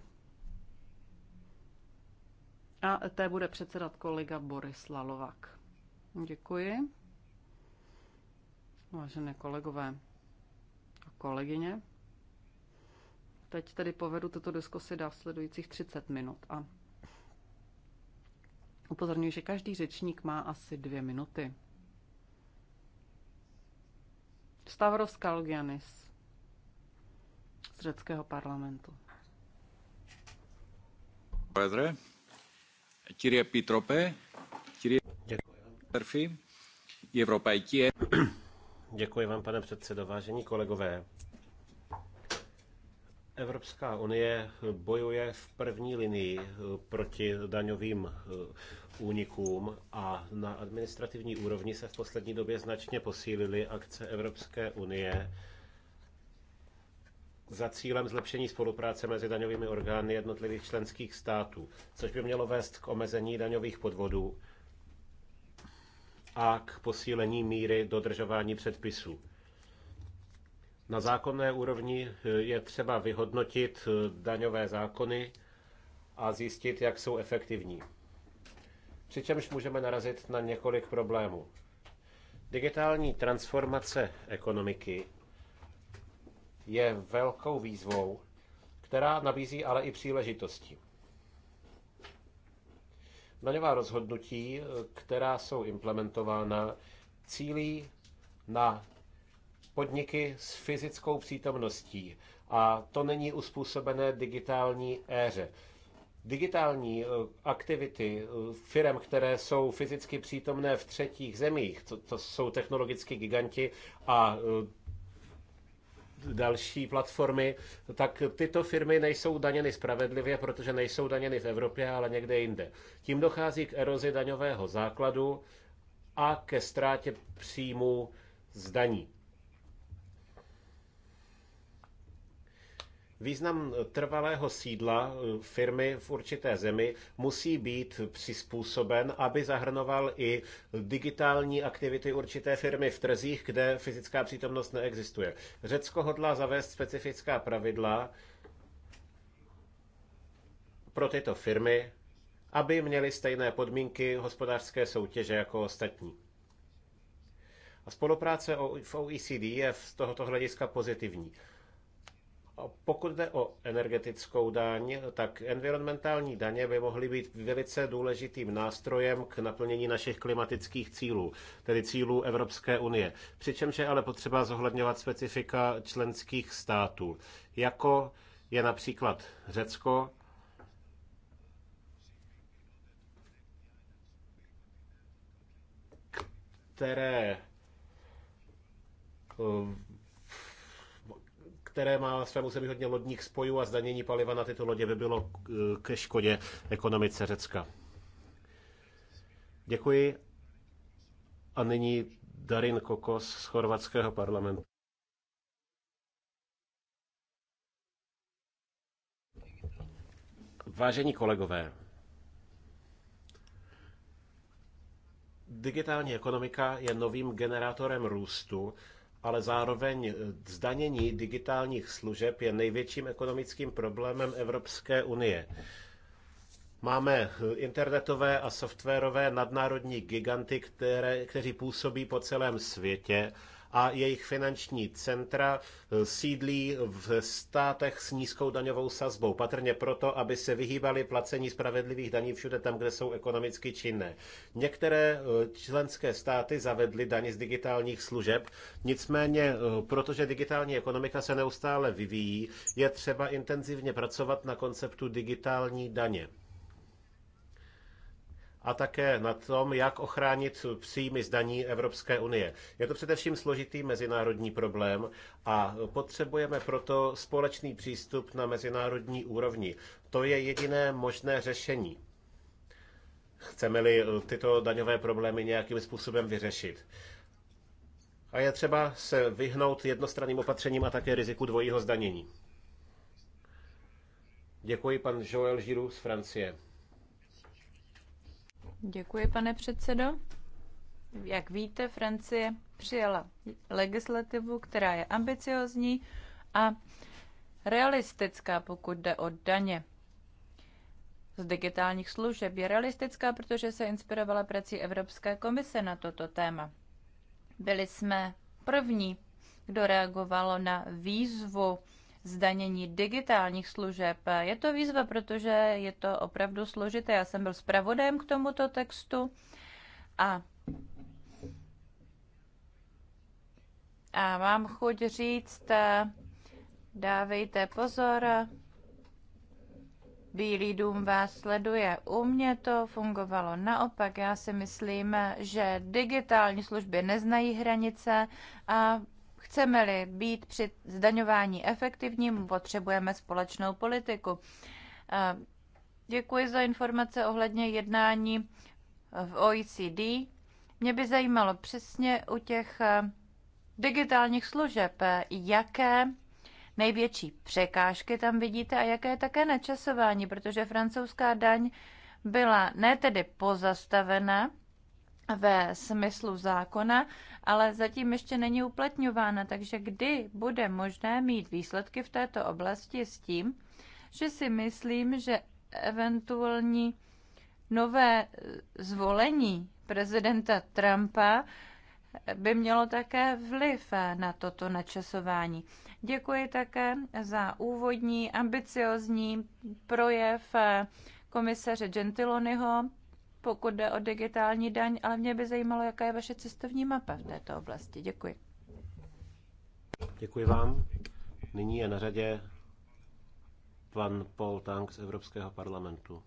A té bude předsedat kolega Boris Lalovak. Děkuji. Vážené kolegové a kolegyně, Teď tedy povedu tuto diskusi dál sledujících 30 minut a upozorňuji, že každý řečník má asi dvě minuty. Stavros Kalgianis z řeckého parlamentu. Πρόεδρε, Kyrie Pitrope, Kyrie Περφή, Děkuji vám, pane předsedo. Vážení kolegové, Evropská unie bojuje v první linii eh, proti daňovým eh, únikům a na administrativní úrovni se v poslední době značně posílily akce Evropské unie za cílem zlepšení spolupráce mezi daňovými orgány jednotlivých členských států, což by mělo vést k omezení daňových podvodů a k posílení míry dodržování předpisů. Na zákonné úrovni eh, je třeba vyhodnotit eh, daňové zákony a zjistit, jak jsou efektivní. Přičemž můžeme narazit na několik problémů. Digitální transformace ekonomiky je velkou výzvou, která nabízí ale i příležitosti. Daňová rozhodnutí, eh, která jsou implementována, cílí na podniky s fyzickou přítomností. A to není uspůsobené digitální éře. Digitální eh, aktivity eh, firm, které jsou fyzicky přítomné v třetích zemích, to, to jsou technologicky giganti a eh, další platformy, tak tyto firmy nejsou daněny spravedlivě, protože nejsou daněny v Evropě, ale někde jinde. Tím dochází k erozi daňového základu a ke ztrátě příjmů z daní. Význam trvalého sídla eh, firmy v určité zemi musí být přizpůsoben, aby zahrnoval i digitální aktivity určité firmy v trzích, kde fyzická přítomnost neexistuje. Řecko hodlá zavést specifická pravidla pro tyto firmy, aby měly stejné podmínky hospodářské soutěže jako ostatní. A spolupráce v OECD je z tohoto hlediska pozitivní. Pokud jde o energetickou daň, tak environmentální daně by mohly být velice důležitým nástrojem k naplnění našich klimatických cílů, tedy cílů Evropské unie. Přičemž je ale potřeba zohledňovat specifika členských států, jako je například Řecko, které eh, které má na svém území hodně lodních spojů a zdanění paliva na tyto lodě by bylo eh, ke škodě ekonomice Řecka. Děkuji. A nyní Darin Kokos z chorvatského parlamentu. Vážení kolegové, digitální ekonomika je novým generátorem růstu, ale zároveň eh, zdanění digitálních služeb je největším ekonomickým problémem Evropské unie. Máme eh, internetové a softwarové nadnárodní giganty, které, kteří působí po celém světě a jejich finanční centra eh, sídlí v státech s nízkou daňovou sazbou, patrně proto, aby se vyhýbali placení spravedlivých daní všude tam, kde jsou ekonomicky činné. Některé eh, členské státy zavedly daně z digitálních služeb, nicméně, eh, protože digitální ekonomika se neustále vyvíjí, je třeba intenzivně pracovat na konceptu digitální daně a také na tom, jak ochránit příjmy z daní Evropské unie. Je to především složitý mezinárodní problém a potřebujeme proto společný přístup na mezinárodní úrovni. To je jediné možné řešení. Chceme-li eh, tyto daňové problémy nějakým způsobem vyřešit. A je třeba se vyhnout jednostranným opatřením a také riziku dvojího zdanění. Děkuji pan Joël Giroux z Francie. Děkuji, pane předsedo. Jak víte, Francie přijala legislativu, která je ambiciozní a realistická, pokud jde o daně z digitálních služeb. Je realistická, protože se inspirovala prací Evropské komise na toto téma. Byli jsme první, kdo reagovalo na výzvu zdanění digitálních služeb. Je to výzva, protože je to opravdu složité. Já jsem byl zpravodajem k tomuto textu a a mám chuť říct, eh, dávejte pozor, Bílý dům vás sleduje. U mě to fungovalo naopak. Já si myslím, že digitální služby neznají hranice a Chceme-li být při zdaňování efektivním, potřebujeme společnou politiku. Eh, děkuji za informace ohledně jednání v OECD. Mě by zajímalo přesně u těch eh, digitálních služeb, eh, jaké největší překážky tam vidíte a jaké je také načasování, protože francouzská daň byla ne tedy pozastavena ve smyslu zákona, ale zatím ještě není uplatňována, takže kdy bude možné mít výsledky v této oblasti s tím, že si myslím, že eventuální nové zvolení prezidenta Trumpa by mělo také vliv na toto načasování. Děkuji také za úvodní ambiciozní projev komisaře Gentiloniho pokud jde o digitální daň, ale mě by zajímalo, jaká je vaše cestovní mapa v této oblasti. Děkuji. Děkuji vám. Nyní je na řadě pan Paul Tank z Evropského parlamentu.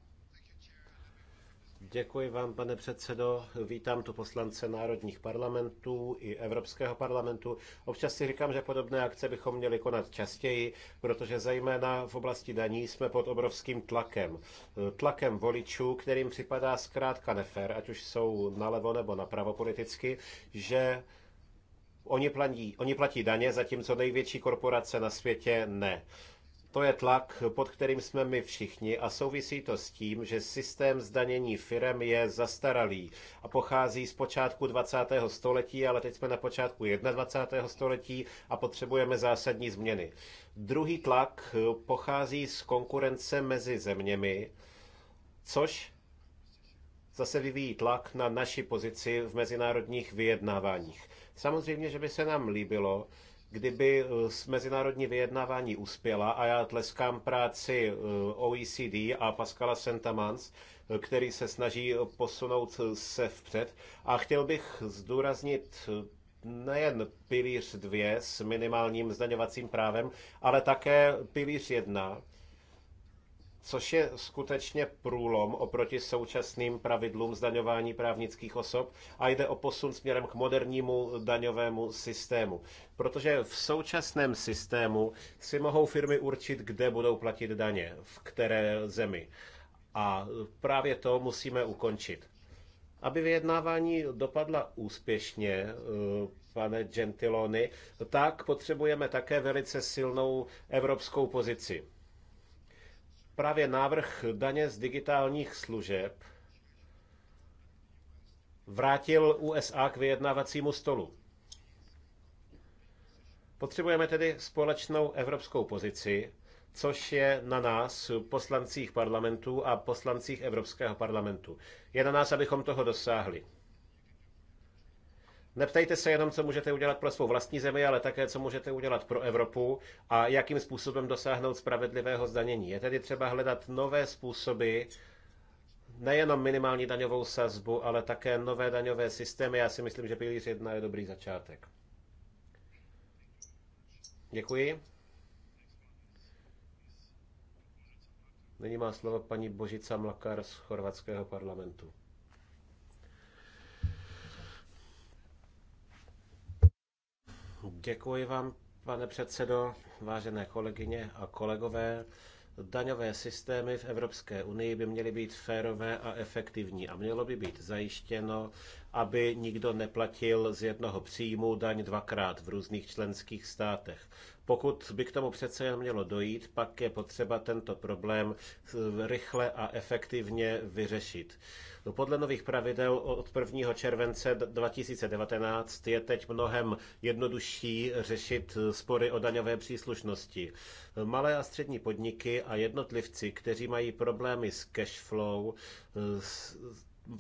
Děkuji vám, pane předsedo. Vítám tu poslance národních parlamentů i Evropského parlamentu. Občas si říkám, že podobné akce bychom měli konat častěji, protože zejména v oblasti daní jsme pod obrovským tlakem. Tlakem voličů, kterým připadá zkrátka nefér, ať už jsou nalevo nebo napravo politicky, že oni platí, oni platí daně, zatímco největší korporace na světě ne. To je tlak, pod kterým jsme my všichni a souvisí to s tím, že systém zdanění firem je zastaralý a pochází z počátku 20. století, ale teď jsme na počátku 21. století a potřebujeme zásadní změny. Druhý tlak pochází z konkurence mezi zeměmi, což zase vyvíjí tlak na naši pozici v mezinárodních vyjednáváních. Samozřejmě, že by se nám líbilo, Kdyby eh, mezinárodní vyjednávání uspěla, a já tleskám práci eh, OECD a Pascala Sentamans, eh, který se snaží posunout se vpřed. A chtěl bych zdůraznit nejen pilíř 2 s minimálním zdaňovacím právem, ale také pilíř 1, což je skutečně průlom oproti současným pravidlům zdaňování právnických osob a jde o posun směrem k modernímu daňovému systému. Protože v současném systému si mohou firmy určit, kde budou platit daně, v které zemi. A právě to musíme ukončit. Aby vyjednávání dopadla úspěšně, eh, pane Gentiloni, tak potřebujeme také velice silnou evropskou pozici právě návrh daně z digitálních služeb vrátil USA k vyjednávacímu stolu. Potřebujeme tedy společnou evropskou pozici, což je na nás, poslancích parlamentů a poslancích Evropského parlamentu. Je na nás, abychom toho dosáhli. Neptejte se jenom, co můžete udělat pro svou vlastní zemi, ale také, co můžete udělat pro Evropu a jakým způsobem dosáhnout spravedlivého zdanění. Je tedy třeba hledat nové způsoby, nejenom minimální daňovou sazbu, ale také nové daňové systémy. Já si myslím, že pilíř jedna je dobrý začátek. Děkuji. Nyní má slovo paní Božica Mlakar z chorvatského parlamentu. Děkuji vám, pane předsedo, vážené kolegyně a kolegové. Daňové systémy v Evropské unii by měly být férové a efektivní a mělo by být zajištěno, aby nikdo neplatil z jednoho příjmu daň dvakrát v různých členských státech. Pokud by k tomu přece jen mělo dojít, pak je potřeba tento problém eh, rychle a efektivně vyřešit. No, podle nových pravidel od 1. července 2019 je teď mnohem jednodušší řešit eh, spory o daňové příslušnosti. Eh, malé a střední podniky a jednotlivci, kteří mají problémy s cash flow,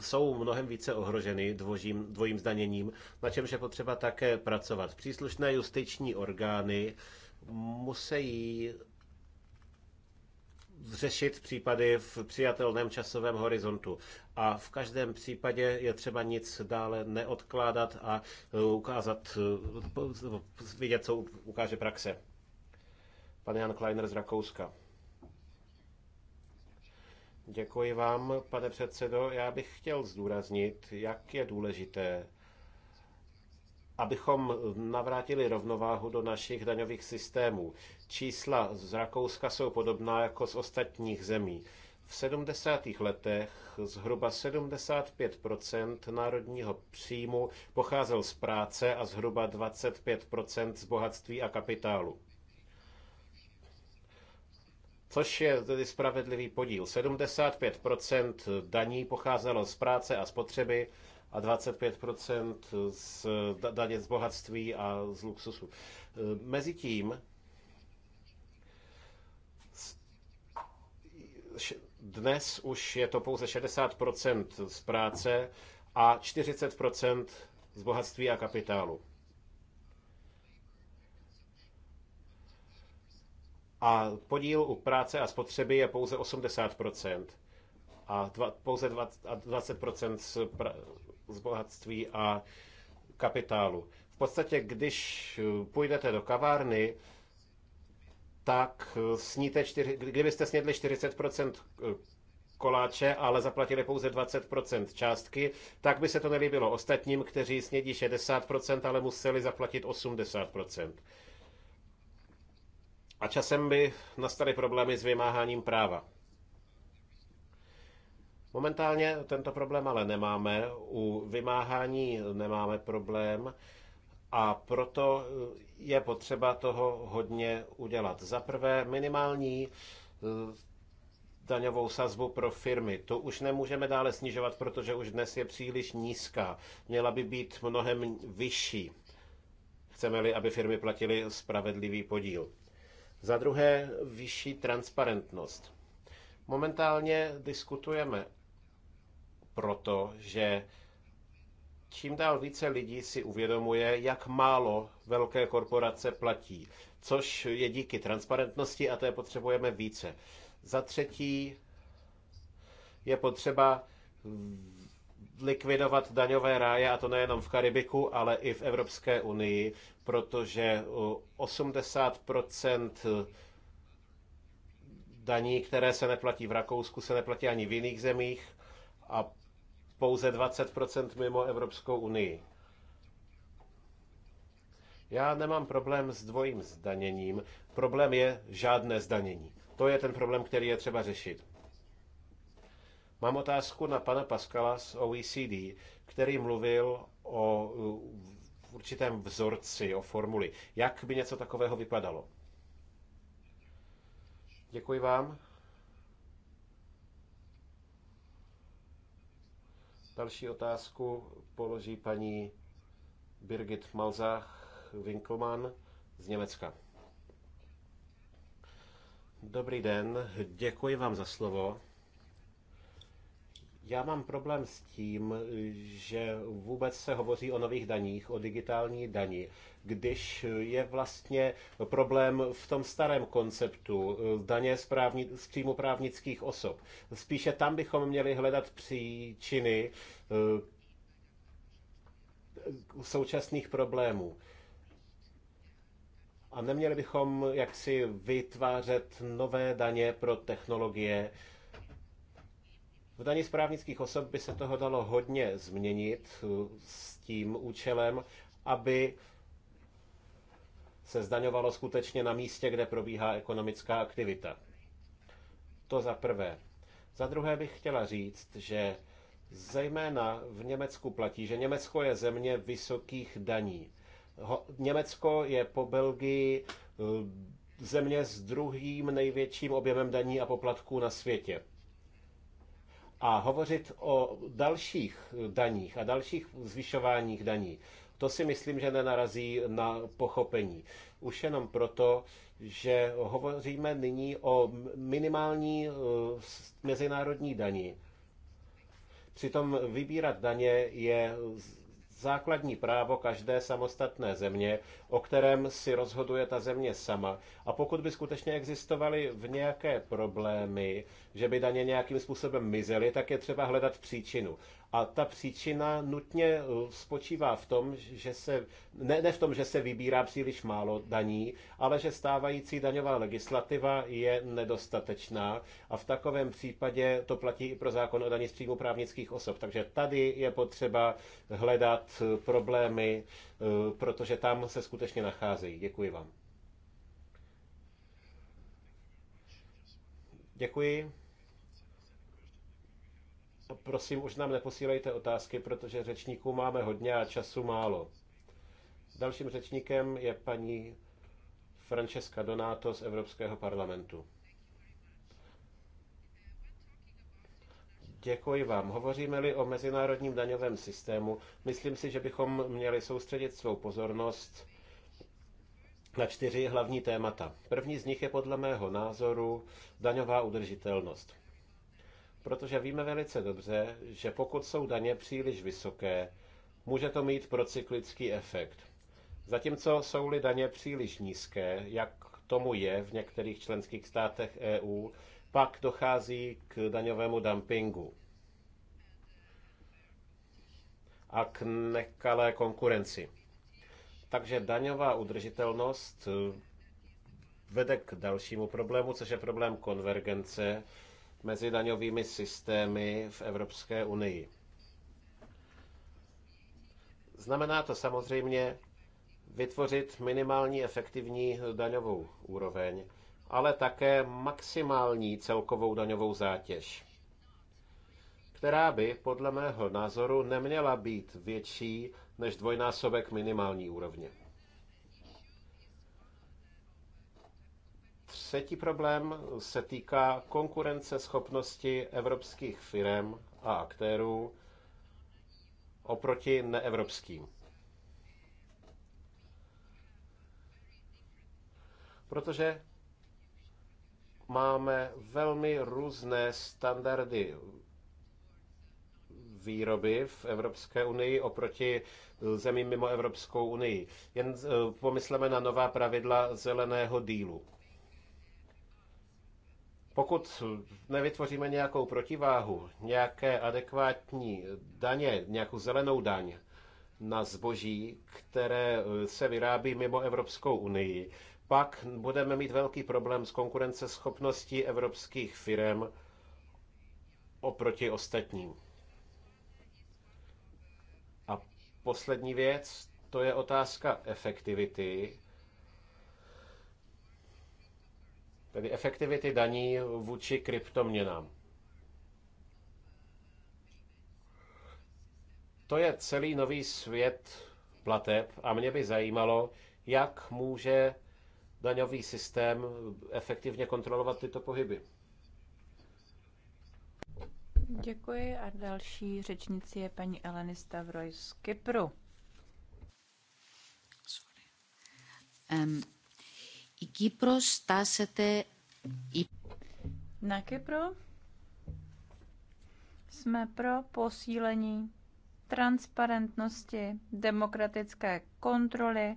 jsou mnohem více ohroženy dvojím, dvojím zdaněním, na čemž je potřeba také pracovat. Příslušné justiční orgány musí řešit případy v přijatelném časovém horizontu. A v každém případě je třeba nic dále neodkládat a eh, ukázat, eh, vidět, co ukáže praxe. Pan Jan Kleiner z Rakouska. Děkuji vám, pane předsedo. Já bych chtěl zdůraznit, jak je důležité, abychom navrátili rovnováhu do našich daňových systémů. Čísla z Rakouska jsou podobná jako z ostatních zemí. V 70. letech zhruba 75 národního příjmu pocházel z práce a zhruba 25 z bohatství a kapitálu. Což je tedy spravedlivý podíl. 75 daní pocházelo z práce a spotřeby, a 25 z daně z bohatství a z luxusu. E, mezitím dnes už je to pouze 60 z práce a 40 z bohatství a kapitálu. A podíl u práce a spotřeby je pouze 80 a dva, pouze dva, a 20 z, pra, z bohatství a kapitálu. V podstatě, když půjdete do kavárny, tak sníte čtyři, kdybyste snědli 40% koláče, ale zaplatili pouze 20% částky, tak by se to nelíbilo ostatním, kteří snědí 60%, ale museli zaplatit 80%. A časem by nastaly problémy s vymáháním práva. Momentálně tento problém ale nemáme, u vymáhání nemáme problém a proto eh, je potřeba toho hodně udělat. Za prvé minimální eh, daňovou sazbu pro firmy. To už nemůžeme dále snižovat, protože už dnes je příliš nízká. Měla by být mnohem vyšší. Chceme-li, aby firmy platily spravedlivý podíl. Za druhé, vyšší transparentnost. Momentálně diskutujeme proto, že čím dál více lidí si uvědomuje, jak málo velké korporace platí, což je díky transparentnosti a je potřebujeme více. Za třetí je potřeba likvidovat daňové ráje, a to nejenom v Karibiku, ale i v Evropské unii, protože 80 daní, které se neplatí v Rakousku, se neplatí ani v jiných zemích a pouze 20% mimo Evropskou unii. Já nemám problém s dvojím zdaněním. Problém je žádné zdanění. To je ten problém, který je třeba řešit. Mám otázku na pana Paskala z OECD, který mluvil o určitém vzorci, o formuli. Jak by něco takového vypadalo? Děkuji vám. Další otázku položí paní Birgit Malzach Winkelmann z Německa. Dobrý den, děkuji vám za slovo. Já mám problém s tím, že vůbec se hovoří o nových daních, o digitální dani, když je vlastně problém v tom starém konceptu eh, daně z, právni, z příjmu právnických osob. Spíše tam bychom měli hledat příčiny eh, současných problémů. A neměli bychom jaksi vytvářet nové daně pro technologie, v daní z právnických osob by se toho dalo hodně změnit uh, s tím účelem, aby se zdaňovalo skutečně na místě, kde probíhá ekonomická aktivita. To za prvé. Za druhé bych chtěla říct, že zejména v Německu platí, že Německo je země vysokých daní. Ho, Německo je po Belgii uh, země s druhým největším objemem daní a poplatků na světě a hovořit o dalších daních a dalších zvyšováních daní, to si myslím, že nenarazí na pochopení. Už jenom proto, že hovoříme nyní o minimální eh, mezinárodní dani. Přitom vybírat daně je základní právo každé samostatné země, o kterém si rozhoduje ta země sama. A pokud by skutečně existovaly v nějaké problémy, že by daně nějakým způsobem mizely, tak je třeba hledat příčinu. A ta příčina nutně uh, spočívá v tom, že se, ne, ne v tom, že se vybírá příliš málo daní, ale že stávající daňová legislativa je nedostatečná a v takovém případě to platí i pro zákon o daní z příjmu právnických osob. Takže tady je potřeba hledat uh, problémy, uh, protože tam se skutečně nacházejí. Děkuji vám. Děkuji. Prosím, už nám neposílejte otázky, protože řečníků máme hodně a času málo. Dalším řečníkem je paní Francesca Donato z Evropského parlamentu. Děkuji vám. Hovoříme-li o mezinárodním daňovém systému, myslím si, že bychom měli soustředit svou pozornost na čtyři hlavní témata. První z nich je podle mého názoru daňová udržitelnost. Protože víme velice dobře, že pokud jsou daně příliš vysoké, může to mít procyklický efekt. Zatímco jsou-li daně příliš nízké, jak tomu je v některých členských státech EU, pak dochází k daňovému dumpingu a k nekalé konkurenci. Takže daňová udržitelnost vede k dalšímu problému, což je problém konvergence, mezi daňovými systémy v Evropské unii. Znamená to samozřejmě vytvořit minimální efektivní daňovou úroveň, ale také maximální celkovou daňovou zátěž, která by podle mého názoru neměla být větší než dvojnásobek minimální úrovně. Třetí problém se týká konkurence schopnosti evropských firm a aktérů oproti neevropským. Protože máme velmi různé standardy výroby v Evropské unii oproti zemím mimo Evropskou unii. Jen eh, pomysleme na nová pravidla zeleného dílu. Pokud nevytvoříme nějakou protiváhu, nějaké adekvátní daně, nějakou zelenou daň na zboží, které se vyrábí mimo Evropskou unii, pak budeme mít velký problém s konkurenceschopností evropských firm oproti ostatním. A poslední věc, to je otázka efektivity tedy efektivity daní vůči kryptoměnám. To je celý nový svět plateb a mě by zajímalo, jak může daňový systém efektivně kontrolovat tyto pohyby. Děkuji a další řečnici je paní Eleny Stavroj z Kypru. Um η Κύπρος στάσεται... Na Kypru jsme pro posílení transparentnosti, demokratické kontroly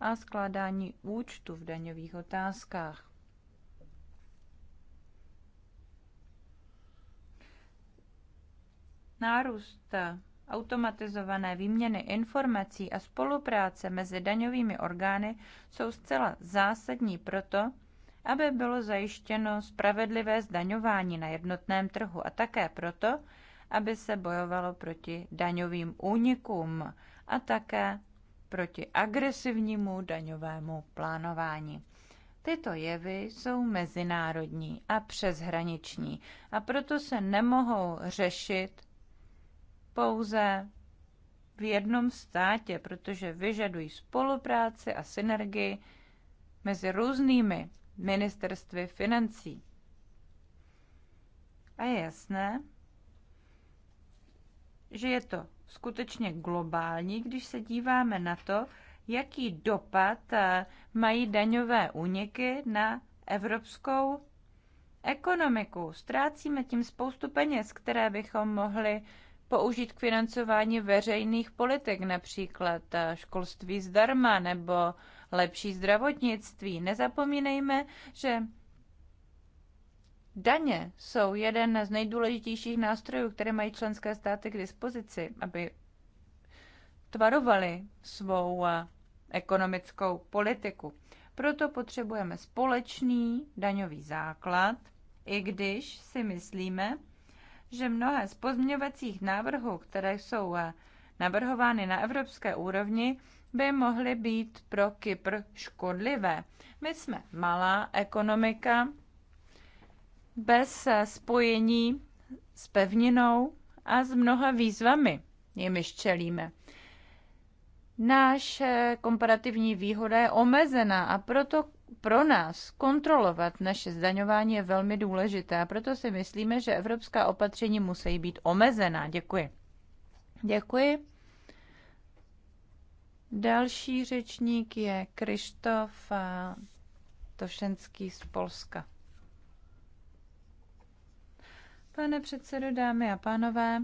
a skládání účtu v daňových otázkách. Nárůst automatizované výměny informací a spolupráce mezi daňovými orgány jsou zcela zásadní proto, aby bylo zajištěno spravedlivé zdaňování na jednotném trhu a také proto, aby se bojovalo proti daňovým únikům a také proti agresivnímu daňovému plánování. Tyto jevy jsou mezinárodní a přeshraniční a proto se nemohou řešit pouze v jednom státě, protože vyžadují spolupráci a synergii mezi různými ministerstvy financí. A je jasné, že je to skutečně globální, když se díváme na to, jaký dopad eh, mají daňové úniky na evropskou ekonomiku. Ztrácíme tím spoustu peněz, které bychom mohli použít k financování veřejných politik, například eh, školství zdarma nebo lepší zdravotnictví. Nezapomínejme, že daně jsou jeden z nejdůležitějších nástrojů, které mají členské státy k dispozici, aby tvarovali svou eh, ekonomickou politiku. Proto potřebujeme společný daňový základ, i když si myslíme, že mnohé z pozměňovacích návrhů, které jsou eh, navrhovány na evropské úrovni, by mohly být pro Kypr škodlivé. My jsme malá ekonomika bez eh, spojení s pevninou a s mnoha výzvami, jimiž čelíme. Náš eh, komparativní výhoda je omezená a proto pro nás kontrolovat naše zdaňování je velmi důležité a proto si myslíme, že evropská opatření musí být omezená. Děkuji. Děkuji. Další řečník je Krištof eh, Tošenský z Polska. Pane předsedo, dámy a pánové,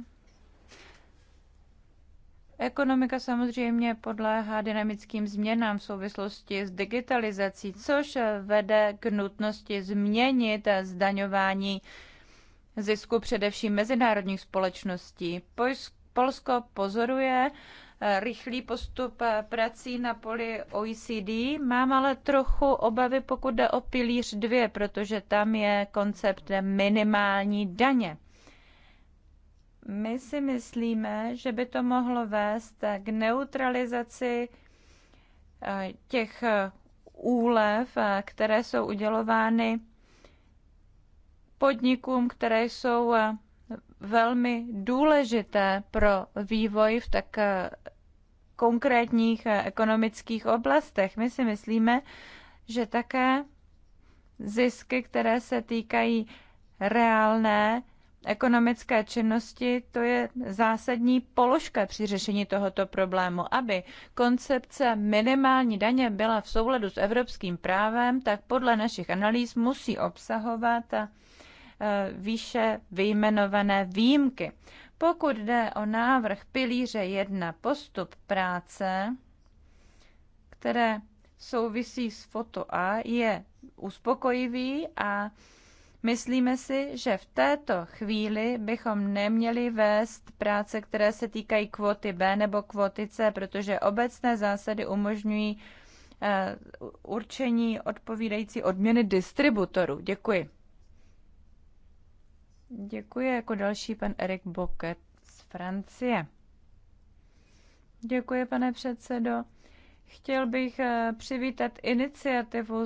Ekonomika samozřejmě podléhá dynamickým změnám v souvislosti s digitalizací, což vede k nutnosti změnit zdaňování zisku především mezinárodních společností. Polsko pozoruje eh, rychlý postup eh, prací na poli OECD. Mám ale trochu obavy, pokud jde o pilíř 2, protože tam je koncept minimální daně my si myslíme, že by to mohlo vést k neutralizaci eh, těch eh, úlev, eh, které jsou udělovány podnikům, které jsou velmi důležité pro vývoj v tak konkrétních ekonomických oblastech. My si myslíme, že také zisky, které se týkají reálné ekonomické činnosti, to je zásadní položka při řešení tohoto problému. Aby koncepce minimální daně byla v souladu s evropským právem, tak podle našich analýz musí obsahovat eh, výše vyjmenované výjimky. Pokud jde o návrh pilíře 1 postup práce, které souvisí s foto A, je uspokojivý a Myslíme si, že v této chvíli bychom neměli vést práce, které se týkají kvóty B nebo kvóty C, protože obecné zásady umožňují eh, určení odpovídající odměny distributorů. Děkuji. Děkuji jako další pan Erik Boket z Francie. Děkuji, pane předsedo. Chtěl bych eh, přivítat iniciativu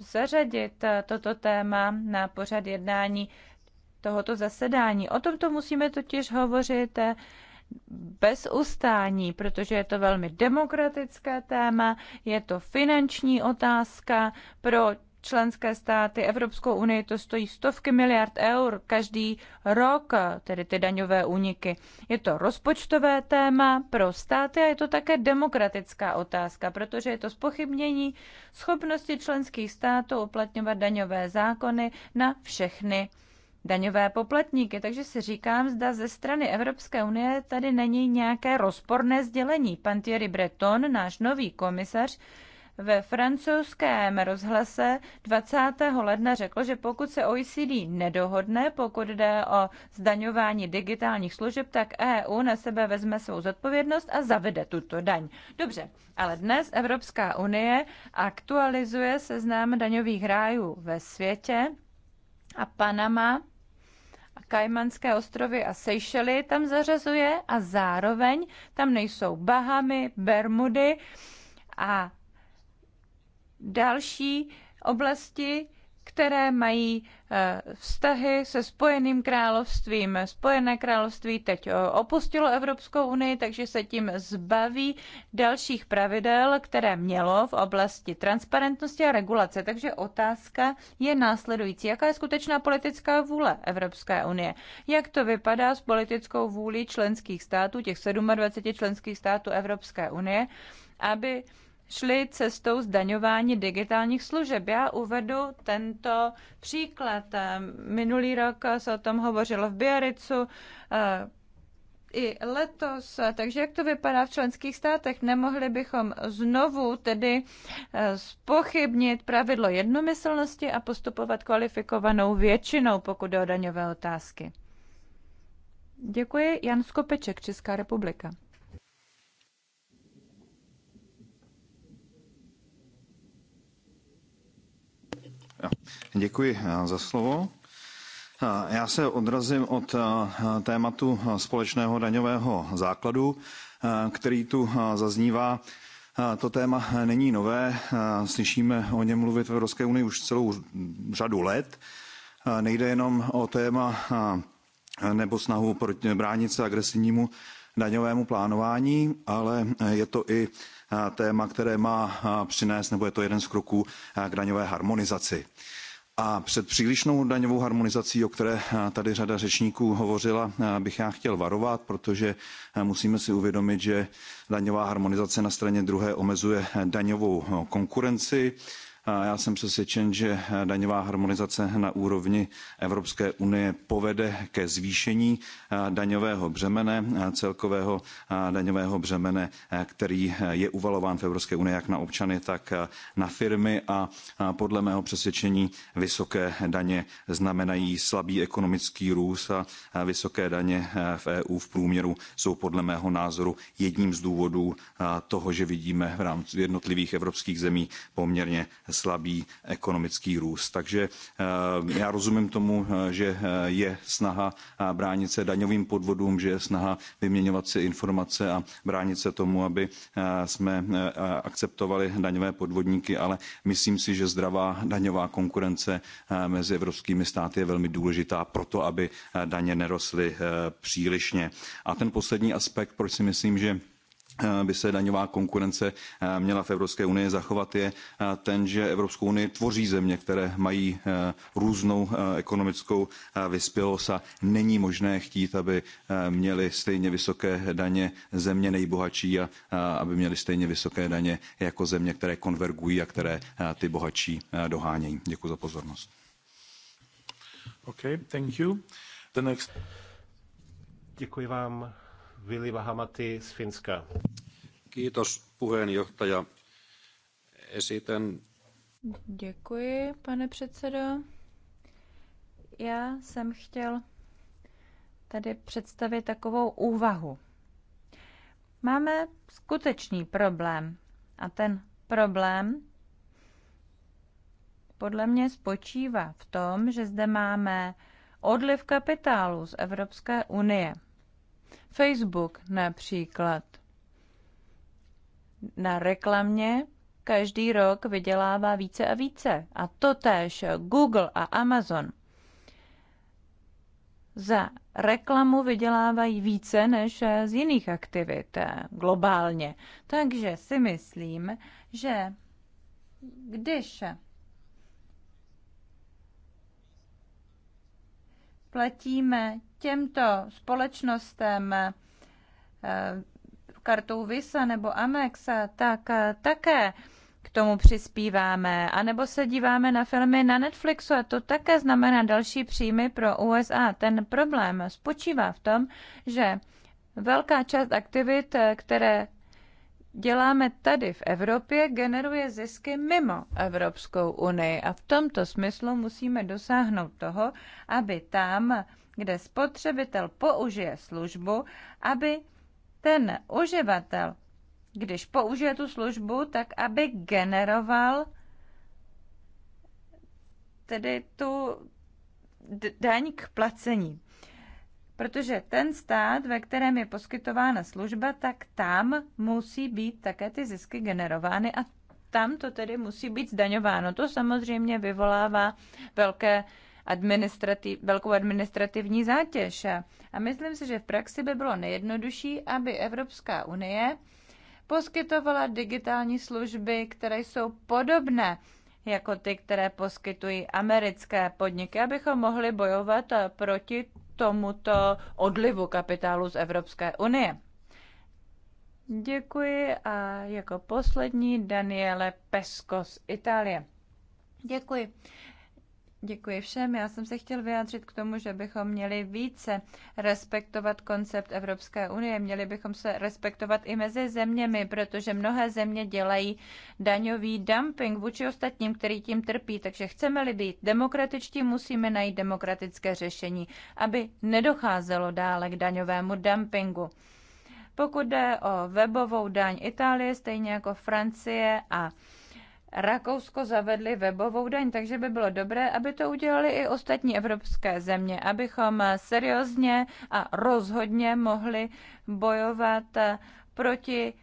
zařadit eh, toto téma na pořad jednání tohoto zasedání. O tomto musíme totiž hovořit eh, bez ustání, protože je to velmi demokratické téma, je to finanční otázka pro členské státy, Evropskou unii to stojí stovky miliard eur každý rok, tedy ty daňové úniky. Je to rozpočtové téma pro státy a je to také demokratická otázka, protože je to spochybnění schopnosti členských států uplatňovat daňové zákony na všechny daňové poplatníky. Takže si říkám, zda ze strany Evropské unie tady není nějaké rozporné sdělení. Pan Thierry Breton, náš nový komisař, ve francouzském rozhlase 20. ledna řekl, že pokud se OECD nedohodne, pokud jde o zdaňování digitálních služeb, tak EU na sebe vezme svou zodpovědnost a zavede tuto daň. Dobře, ale dnes Evropská unie aktualizuje seznam daňových rájů ve světě a Panama a Kajmanské ostrovy a Seychely tam zařazuje a zároveň tam nejsou Bahamy, Bermudy a další oblasti, které mají eh, vztahy se Spojeným královstvím. Spojené království teď eh, opustilo Evropskou unii, takže se tím zbaví dalších pravidel, které mělo v oblasti transparentnosti a regulace. Takže otázka je následující. Jaká je skutečná politická vůle Evropské unie? Jak to vypadá s politickou vůli členských států, těch 27 členských států Evropské unie, aby šli cestou zdaňování digitálních služeb. Já uvedu tento příklad. Minulý rok se o tom hovořilo v Biaricu, eh, i letos. Takže jak to vypadá v členských státech? Nemohli bychom znovu tedy eh, spochybnit pravidlo jednomyslnosti a postupovat kvalifikovanou většinou, pokud jde o daňové otázky. Děkuji. Jan Skopeček, Česká republika. Děkuji eh, za slovo. Eh, já se odrazím od eh, tématu společného daňového základu, který tu zaznívá. To téma není nové, slyšíme o něm mluvit v Evropské unii už celou řadu let. Nejde jenom o téma nebo snahu bránit se agresivnímu daňovému plánování, ale je to i téma, které má přinést, nebo je to jeden z kroků k daňové harmonizaci. A před přílišnou daňovou harmonizací, o které tady řada řečníků hovořila, bych já chtěl varovat, protože musíme si uvědomit, že daňová harmonizace na straně druhé omezuje daňovou konkurenci já jsem přesvědčen, že daňová harmonizace na úrovni Evropské unie povede ke zvýšení daňového břemene, celkového daňového břemene, který je uvalován v Evropské unii jak na občany, tak na firmy a podle mého přesvědčení vysoké daně znamenají slabý ekonomický růst a vysoké daně v EU v průměru jsou podle mého názoru jedním z důvodů toho, že vidíme v rámci jednotlivých evropských zemí poměrně slabý ekonomický růst. Takže eh, já rozumím tomu, eh, že eh, je snaha bránit se daňovým podvodům, že je snaha vyměňovat si informace a bránit se tomu, aby jsme akceptovali daňové podvodníky, ale myslím si, že zdravá daňová konkurence mezi evropskými státy je velmi důležitá proto, aby daně nerostly přílišně. A ten poslední aspekt, proč si myslím, že Eh, by se daňová konkurence eh, měla v Evropské unii zachovat, je eh, ten, že Evropskou unii tvoří země, které mají různou ekonomickou vyspělost a není možné chtít, aby měly stejně vysoké daně země nejbohatší a aby měly stejně vysoké daně jako země, které konvergují a které ty bohatší dohánějí. Děkuji za pozornost. Okay, thank you. The next... Děkuji vám. Vili Vahamati z Finska. Kiitos puheenjohtaja. Děkuji, pane předsedo. Já jsem chtěl tady představit takovou úvahu. Máme skutečný problém a ten problém podle mě spočívá v tom, že zde máme odliv kapitálu z Evropské unie – Facebook například na reklamě každý rok vydělává více a více. A to též Google a Amazon za reklamu vydělávají více než z jiných aktivit globálně. Takže si myslím, že když platíme těmto společnostem eh, kartou Visa nebo Amex, tak eh, také k tomu přispíváme. A nebo se díváme na filmy na Netflixu a to také znamená další příjmy pro USA. Ten problém spočívá v tom, že velká část aktivit, eh, které děláme tady v Evropě, generuje zisky mimo Evropskou unii. A v tomto smyslu musíme dosáhnout toho, aby tam, kde spotřebitel použije službu, aby ten uživatel, když použije tu službu, tak aby generoval tedy tu daň k placení. Protože ten stát, ve kterém je poskytována služba, tak tam musí být také ty zisky generovány a tam to tedy musí být zdaňováno. To samozřejmě vyvolává velké administrativ, velkou administrativní zátěž. A myslím si, že v praxi by bylo nejjednodušší, aby Evropská unie poskytovala digitální služby, které jsou podobné jako ty, které poskytují americké podniky, abychom mohli bojovat proti tomuto odlivu kapitálu z Evropské unie. Děkuji a jako poslední Daniele Pesco z Itálie. Děkuji. Děkuji všem. Já jsem se chtěl vyjádřit k tomu, že bychom měli více respektovat koncept Evropské unie. Měli bychom se respektovat i mezi zeměmi, protože mnohé země dělají daňový dumping vůči ostatním, který tím trpí. Takže chceme-li být demokratičtí, musíme najít demokratické řešení, aby nedocházelo dále k daňovému dumpingu. Pokud jde o webovou daň Itálie, stejně jako Francie a Rakousko zavedli webovou daň, takže by bylo dobré, aby to udělali i ostatní evropské země, abychom seriózně a rozhodně mohli bojovat eh, proti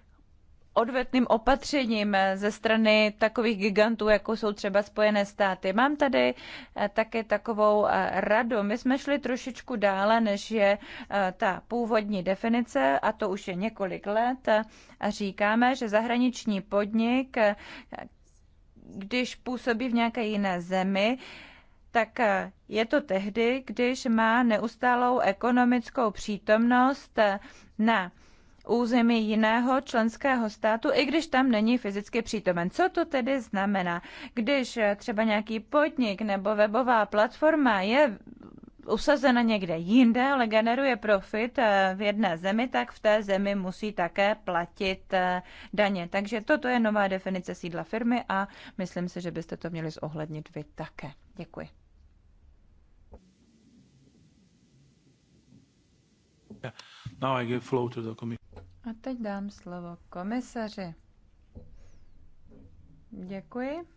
odvetným opatřením eh, ze strany takových gigantů, jako jsou třeba Spojené státy. Mám tady eh, také takovou radu. My jsme šli trošičku dále, než je ta původní definice, a to už je několik let. říkáme, že zahraniční podnik, když působí v nějaké jiné zemi, tak eh, je to tehdy, když má neustálou ekonomickou přítomnost eh, na území jiného členského státu, i když tam není fyzicky přítomen. Co to tedy znamená? Když eh, třeba nějaký podnik nebo webová platforma je usazena někde jinde, ale generuje profit eh, v jedné zemi, tak v té zemi musí také platit eh, daně. Takže toto je nová definice sídla firmy a myslím si, že byste to měli zohlednit vy také. Děkuji. Now I give flow to the a teď dám slovo komisaři. Děkuji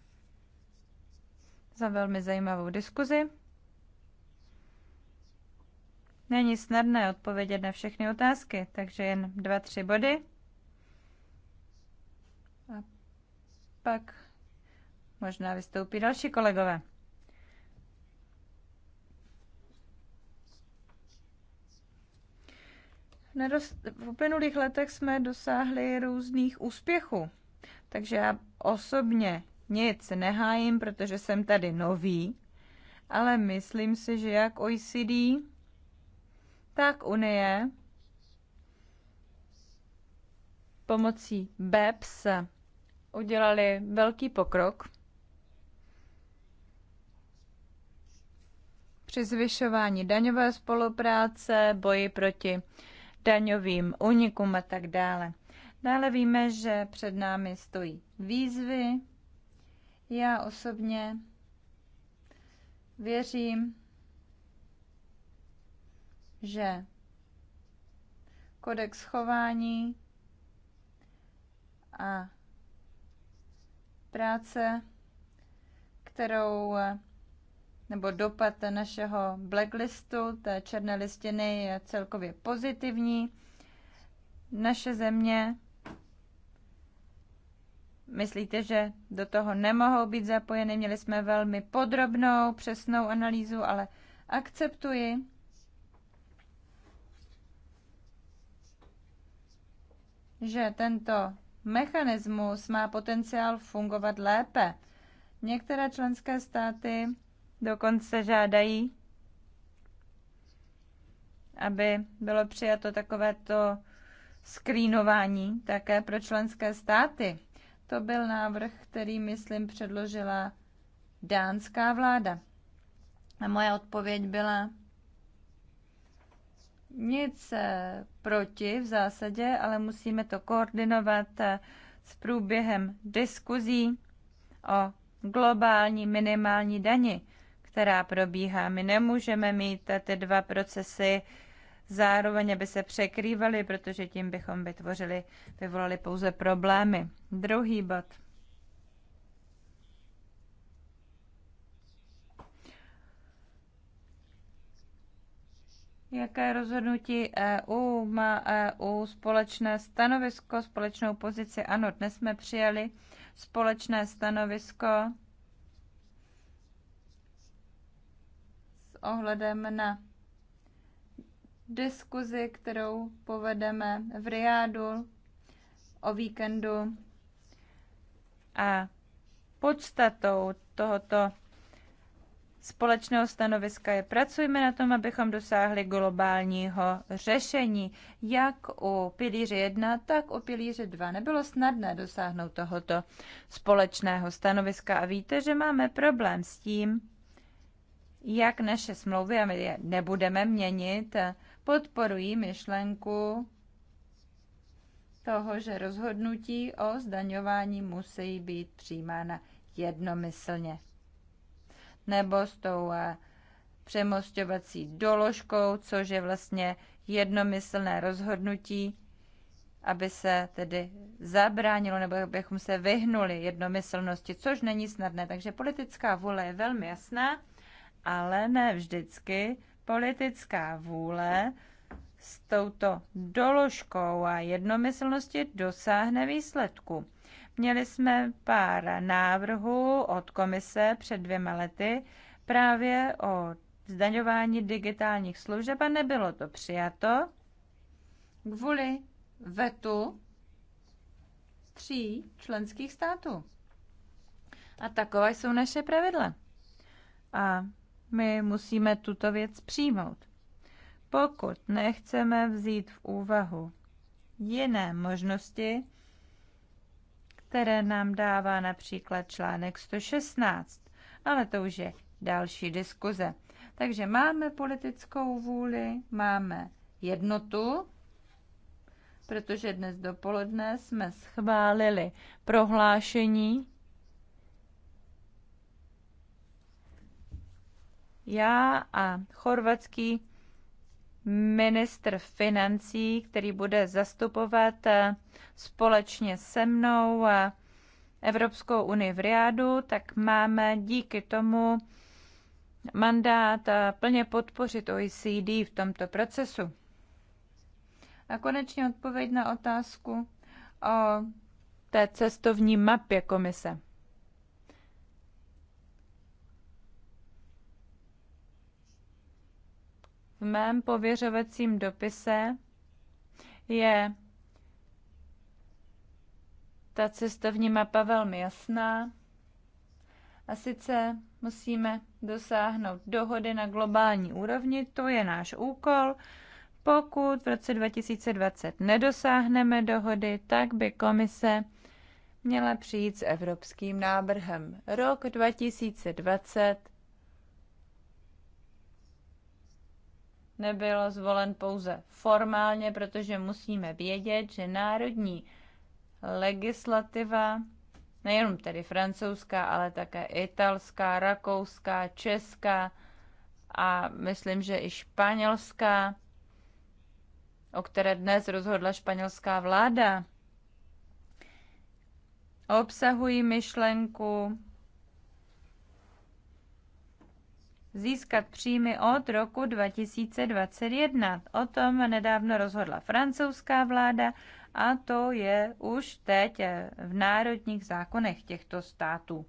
za velmi zajímavou diskuzi. Není snadné odpovědět na všechny otázky, takže jen dva, tři body. A pak možná vystoupí další kolegové. v uplynulých letech jsme dosáhli různých úspěchů. Takže já osobně nic nehájím, protože jsem tady nový, ale myslím si, že jak OECD, tak Unie pomocí BEPS udělali velký pokrok při zvyšování daňové spolupráce, boji proti daňovým unikům a tak dále. Dále víme, že před námi stojí výzvy. Já osobně věřím, že kodex chování a práce, kterou nebo dopad našeho blacklistu, té černé listiny, je celkově pozitivní. Naše země, myslíte, že do toho nemohou být zapojeny? Měli jsme velmi podrobnou, přesnou analýzu, ale akceptuji, že tento mechanismus má potenciál fungovat lépe. Některé členské státy dokonce žádají, aby bylo přijato takovéto skrýnování také pro členské státy. To byl návrh, který, myslím, předložila dánská vláda. A moje odpověď byla, nic eh, proti v zásadě, ale musíme to koordinovat eh, s průběhem diskuzí o globální minimální dani, která probíhá. My nemůžeme mít eh, ty dva procesy zároveň, aby se překrývaly, protože tím bychom vytvořili, vyvolali pouze problémy. Druhý bod. Jaké rozhodnutí EU má EU společné stanovisko, společnou pozici? Ano, dnes jsme přijali společné stanovisko s ohledem na diskuzi, kterou povedeme v Riádu o víkendu. A podstatou tohoto společného stanoviska je pracujme na tom, abychom dosáhli globálního řešení, jak u pilíře 1, tak u pilíře 2. Nebylo snadné dosáhnout tohoto společného stanoviska a víte, že máme problém s tím, jak naše smlouvy, a my je nebudeme měnit, podporují myšlenku toho, že rozhodnutí o zdaňování musí být přijímána jednomyslně nebo s tou eh, přemostovací doložkou, což je vlastně jednomyslné rozhodnutí, aby se tedy zabránilo nebo abychom se vyhnuli jednomyslnosti, což není snadné. Takže politická vůle je velmi jasná, ale ne vždycky politická vůle s touto doložkou a jednomyslnosti dosáhne výsledku. Měli jsme pár návrhů od komise před dvěma lety právě o zdaňování digitálních služeb a nebylo to přijato kvůli vetu tří členských států. A taková jsou naše pravidla. A my musíme tuto věc přijmout. Pokud nechceme vzít v úvahu jiné možnosti, které nám dává například článek 116. Ale to už je další diskuze. Takže máme politickou vůli, máme jednotu, protože dnes dopoledne jsme schválili prohlášení. Já a chorvatský ministr financí, který bude zastupovat eh, společně se mnou eh, Evropskou unii v Riádu, tak máme díky tomu mandát eh, plně podpořit OECD v tomto procesu. A konečně odpověď na otázku o té cestovní mapě komise. v mém pověřovacím dopise je ta cestovní mapa velmi jasná. A sice musíme dosáhnout dohody na globální úrovni, to je náš úkol. Pokud v roce 2020 nedosáhneme dohody, tak by komise měla přijít s evropským návrhem. Rok 2020 nebyl zvolen pouze formálně, protože musíme vědět, že národní legislativa, nejenom tedy francouzská, ale také italská, rakouská, česká a myslím, že i španělská, o které dnes rozhodla španělská vláda, obsahují myšlenku získat příjmy od roku 2021. O tom nedávno rozhodla francouzská vláda a to je už teď v národních zákonech těchto států.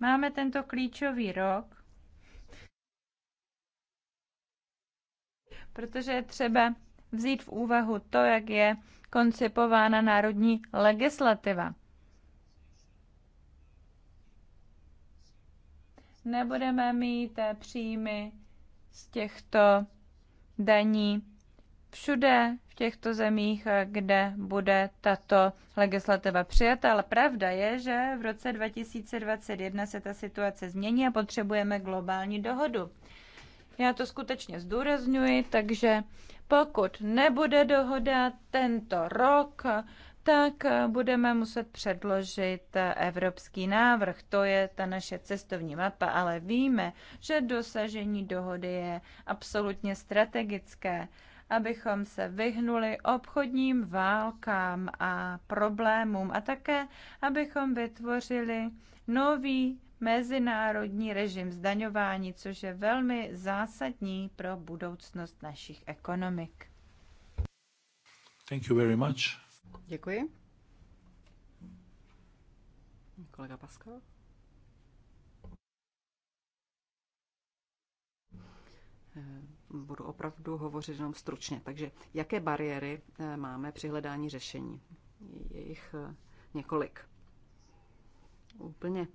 Máme tento klíčový rok, protože je třeba vzít v úvahu to, jak je koncipována národní legislativa. Nebudeme mít eh, příjmy z těchto daní všude v těchto zemích, eh, kde bude tato legislativa přijata, ale pravda je, že v roce 2021 se ta situace změní a potřebujeme globální dohodu. Já to skutečně zdůrazňuji, takže pokud nebude dohoda tento rok, tak budeme muset předložit evropský návrh. To je ta naše cestovní mapa, ale víme, že dosažení dohody je absolutně strategické, abychom se vyhnuli obchodním válkám a problémům a také, abychom vytvořili nový mezinárodní režim zdaňování, což je velmi zásadní pro budoucnost našich ekonomik. Thank you very much. Děkuji. Kolega Pascal. Eh, budu opravdu hovořit jenom stručně. Takže jaké bariéry eh, máme při hledání řešení? Je jich eh, několik. Úplně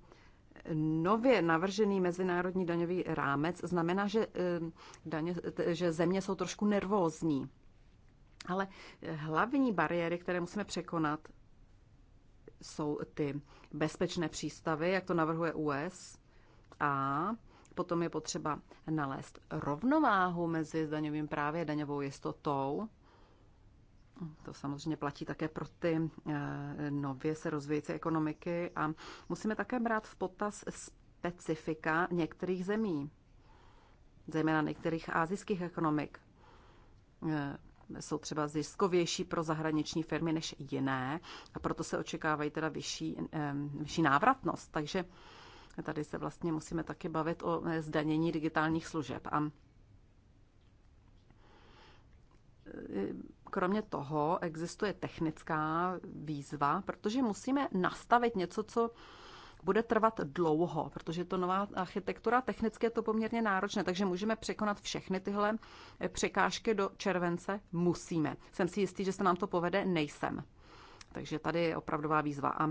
nově navržený mezinárodní daňový rámec znamená, že, eh, daně, že země jsou trošku nervózní. Ale hlavní bariéry, které musíme překonat, jsou ty bezpečné přístavy, jak to navrhuje US, a potom je potřeba nalézt rovnováhu mezi daňovým právě a daňovou jistotou. To samozřejmě platí také pro ty eh, nově se rozvíjící ekonomiky a musíme také brát v potaz specifika některých zemí, zejména některých azijských ekonomik. Eh, jsou třeba ziskovější pro zahraniční firmy než jiné a proto se očekávají teda vyšší, eh, vyšší návratnost. Takže tady se vlastně musíme taky bavit o zdanění digitálních služeb. A Kromě toho existuje technická výzva, protože musíme nastavit něco, co bude trvat dlouho, protože to nová architektura, technicky je to poměrně náročné, takže můžeme překonat všechny tyhle překážky do července? Musíme. Jsem si jistý, že se nám to povede? Nejsem. Takže tady je opravdová výzva. A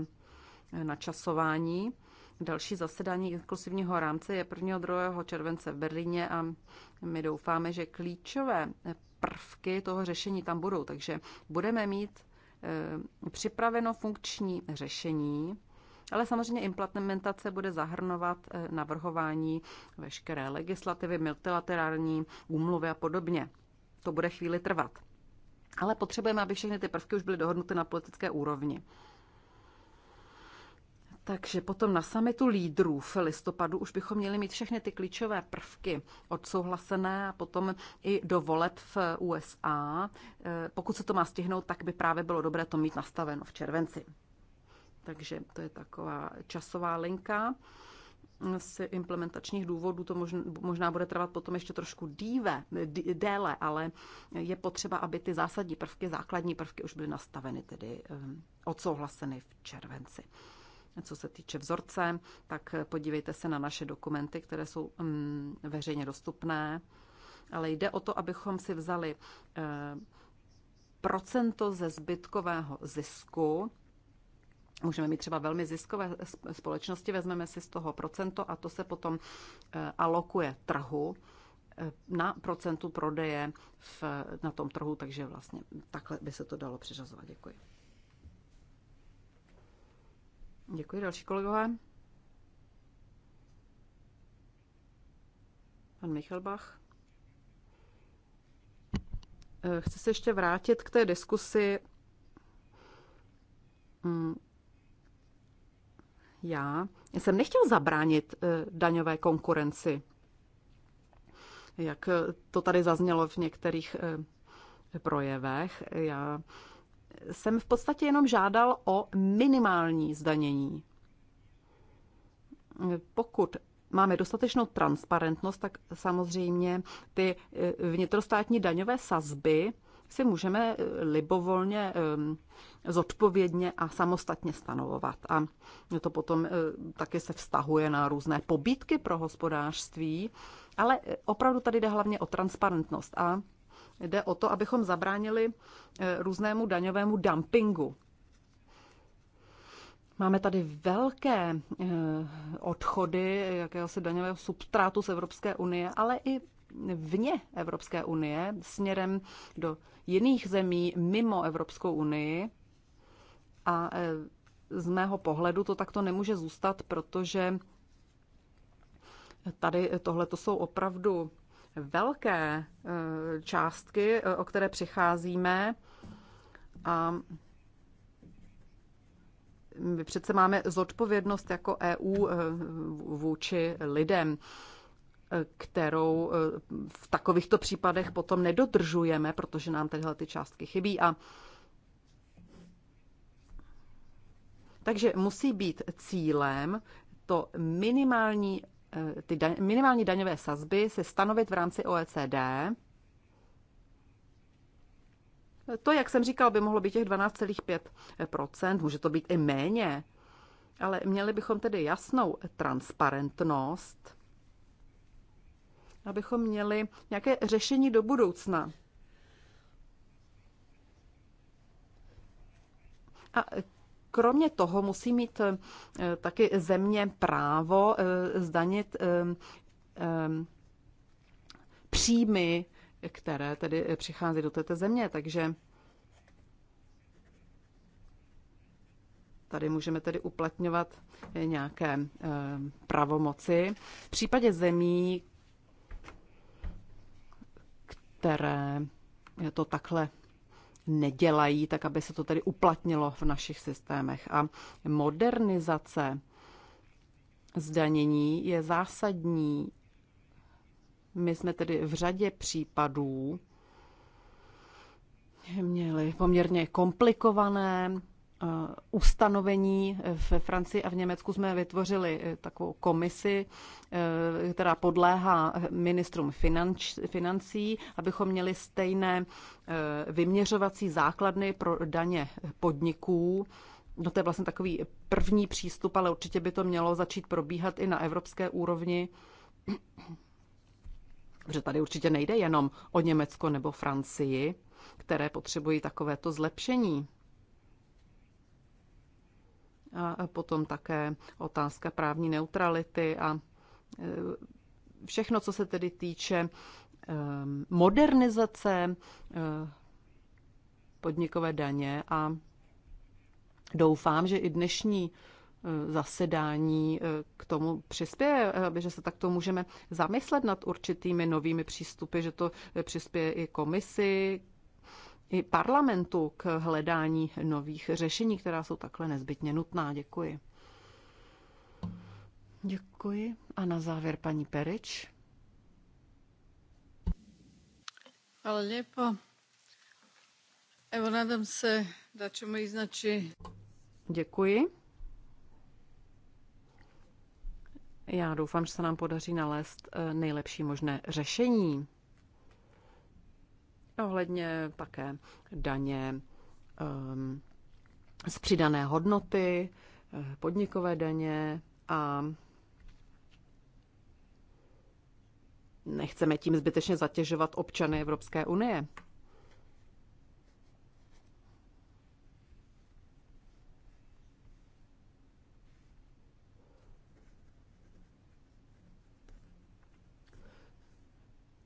načasování. Další zasedání inkluzivního rámce je 1. a 2. července v Berlíně a my doufáme, že klíčové prvky toho řešení tam budou. Takže budeme mít eh, připraveno funkční řešení, ale samozřejmě implementace bude zahrnovat eh, navrhování veškeré legislativy, multilaterální úmluvy a podobně. To bude chvíli trvat. Ale potřebujeme, aby všechny ty prvky už byly dohodnuty na politické úrovni. Takže potom na samitu lídrů v listopadu už bychom měli mít všechny ty klíčové prvky odsouhlasené a potom i do voleb v USA. Eh, pokud se to má stihnout, tak by právě bylo dobré to mít nastaveno v červenci. Takže to je taková časová linka. Z implementačních důvodů to možná bude trvat potom ještě trošku díve, déle, ale je potřeba, aby ty zásadní prvky, základní prvky už byly nastaveny, tedy eh, odsouhlaseny v červenci. Co se týče vzorce, tak podívejte se na naše dokumenty, které jsou mm, veřejně dostupné. Ale jde o to, abychom si vzali eh, procento ze zbytkového zisku. Můžeme mít třeba velmi ziskové společnosti, vezmeme si z toho procento a to se potom eh, alokuje trhu eh, na procentu prodeje v, na tom trhu, takže vlastně takhle by se to dalo přiřazovat. Děkuji. Děkuji, další kolegové. Pan Michalbach. Eh, Chci se ještě vrátit k té diskusi. Mm. Já jsem nechtěl zabránit eh, daňové konkurenci, jak eh, to tady zaznělo v některých projevech. Já jsem v podstatě jenom žádal o minimální zdanění. Pokud máme dostatečnou transparentnost, tak samozřejmě ty eh, vnitrostátní daňové sazby si můžeme eh, libovolně, eh, zodpovědně a samostatně stanovovat. A to potom taky se vztahuje na různé pobídky pro hospodářství, ale opravdu tady jde hlavně o transparentnost. A Jde o to, abychom zabránili eh, různému daňovému dumpingu. Máme tady velké eh, odchody jakéhosi daňového substrátu z Evropské unie, ale i vně Evropské unie směrem do jiných zemí mimo Evropskou unii. A eh, z mého pohledu to takto nemůže zůstat, protože tady tohle to jsou opravdu velké eh, částky, eh, o které přicházíme. A my přece máme zodpovědnost jako EU eh, vůči lidem, kterou v takovýchto případech potom nedodržujeme, protože nám tyhle ty částky chybí. A takže musí být cílem to minimální Eh, ty daň, minimální daňové sazby se stanovit v rámci OECD. To, jak jsem říkal, by mohlo být těch 12,5%, může to být i méně, ale měli bychom tedy jasnou transparentnost, abychom měli nějaké řešení do budoucna. A Kromě toho musí mít eh, taky země právo eh, zdanit eh, příjmy, které tedy přichází do této země. Takže tady můžeme tedy uplatňovat nějaké pravomoci. V případě zemí, které to takhle nedělají, tak aby se to tedy uplatnilo v našich systémech. A modernizace zdanění je zásadní. My jsme tedy v řadě případů měli poměrně komplikované Eh, ustanovení eh, ve Francii a v Německu jsme vytvořili eh, takovou komisi, která podléhá ministrům finanč, financí, abychom měli stejné vyměřovací základny pro daně podniků. No to je vlastně takový první přístup, ale určitě by to mělo začít probíhat i na evropské úrovni. Protože tady určitě nejde jenom o Německo nebo Francii, které potřebují takovéto zlepšení a potom také otázka právní neutrality a e, všechno, co se tedy týče e, modernizace e, podnikové daně a doufám, že i dnešní zasedání k tomu přispěje, že se takto můžeme zamyslet nad určitými novými přístupy, že to přispěje i komisi i parlamentu k hledání nových řešení, která jsou takhle nezbytně nutná. Děkuji. Děkuji. A na závěr paní Perič. Hvala lijepo. Evo, nadam se da ćemo iznaći... Děkuji. Já doufám, že se nám podaří nalézt eh, nejlepší možné řešení ohledně také daně um, z přidané hodnoty, eh, podnikové daně a nechceme tím zbytečně zatěžovat občany Evropské unie.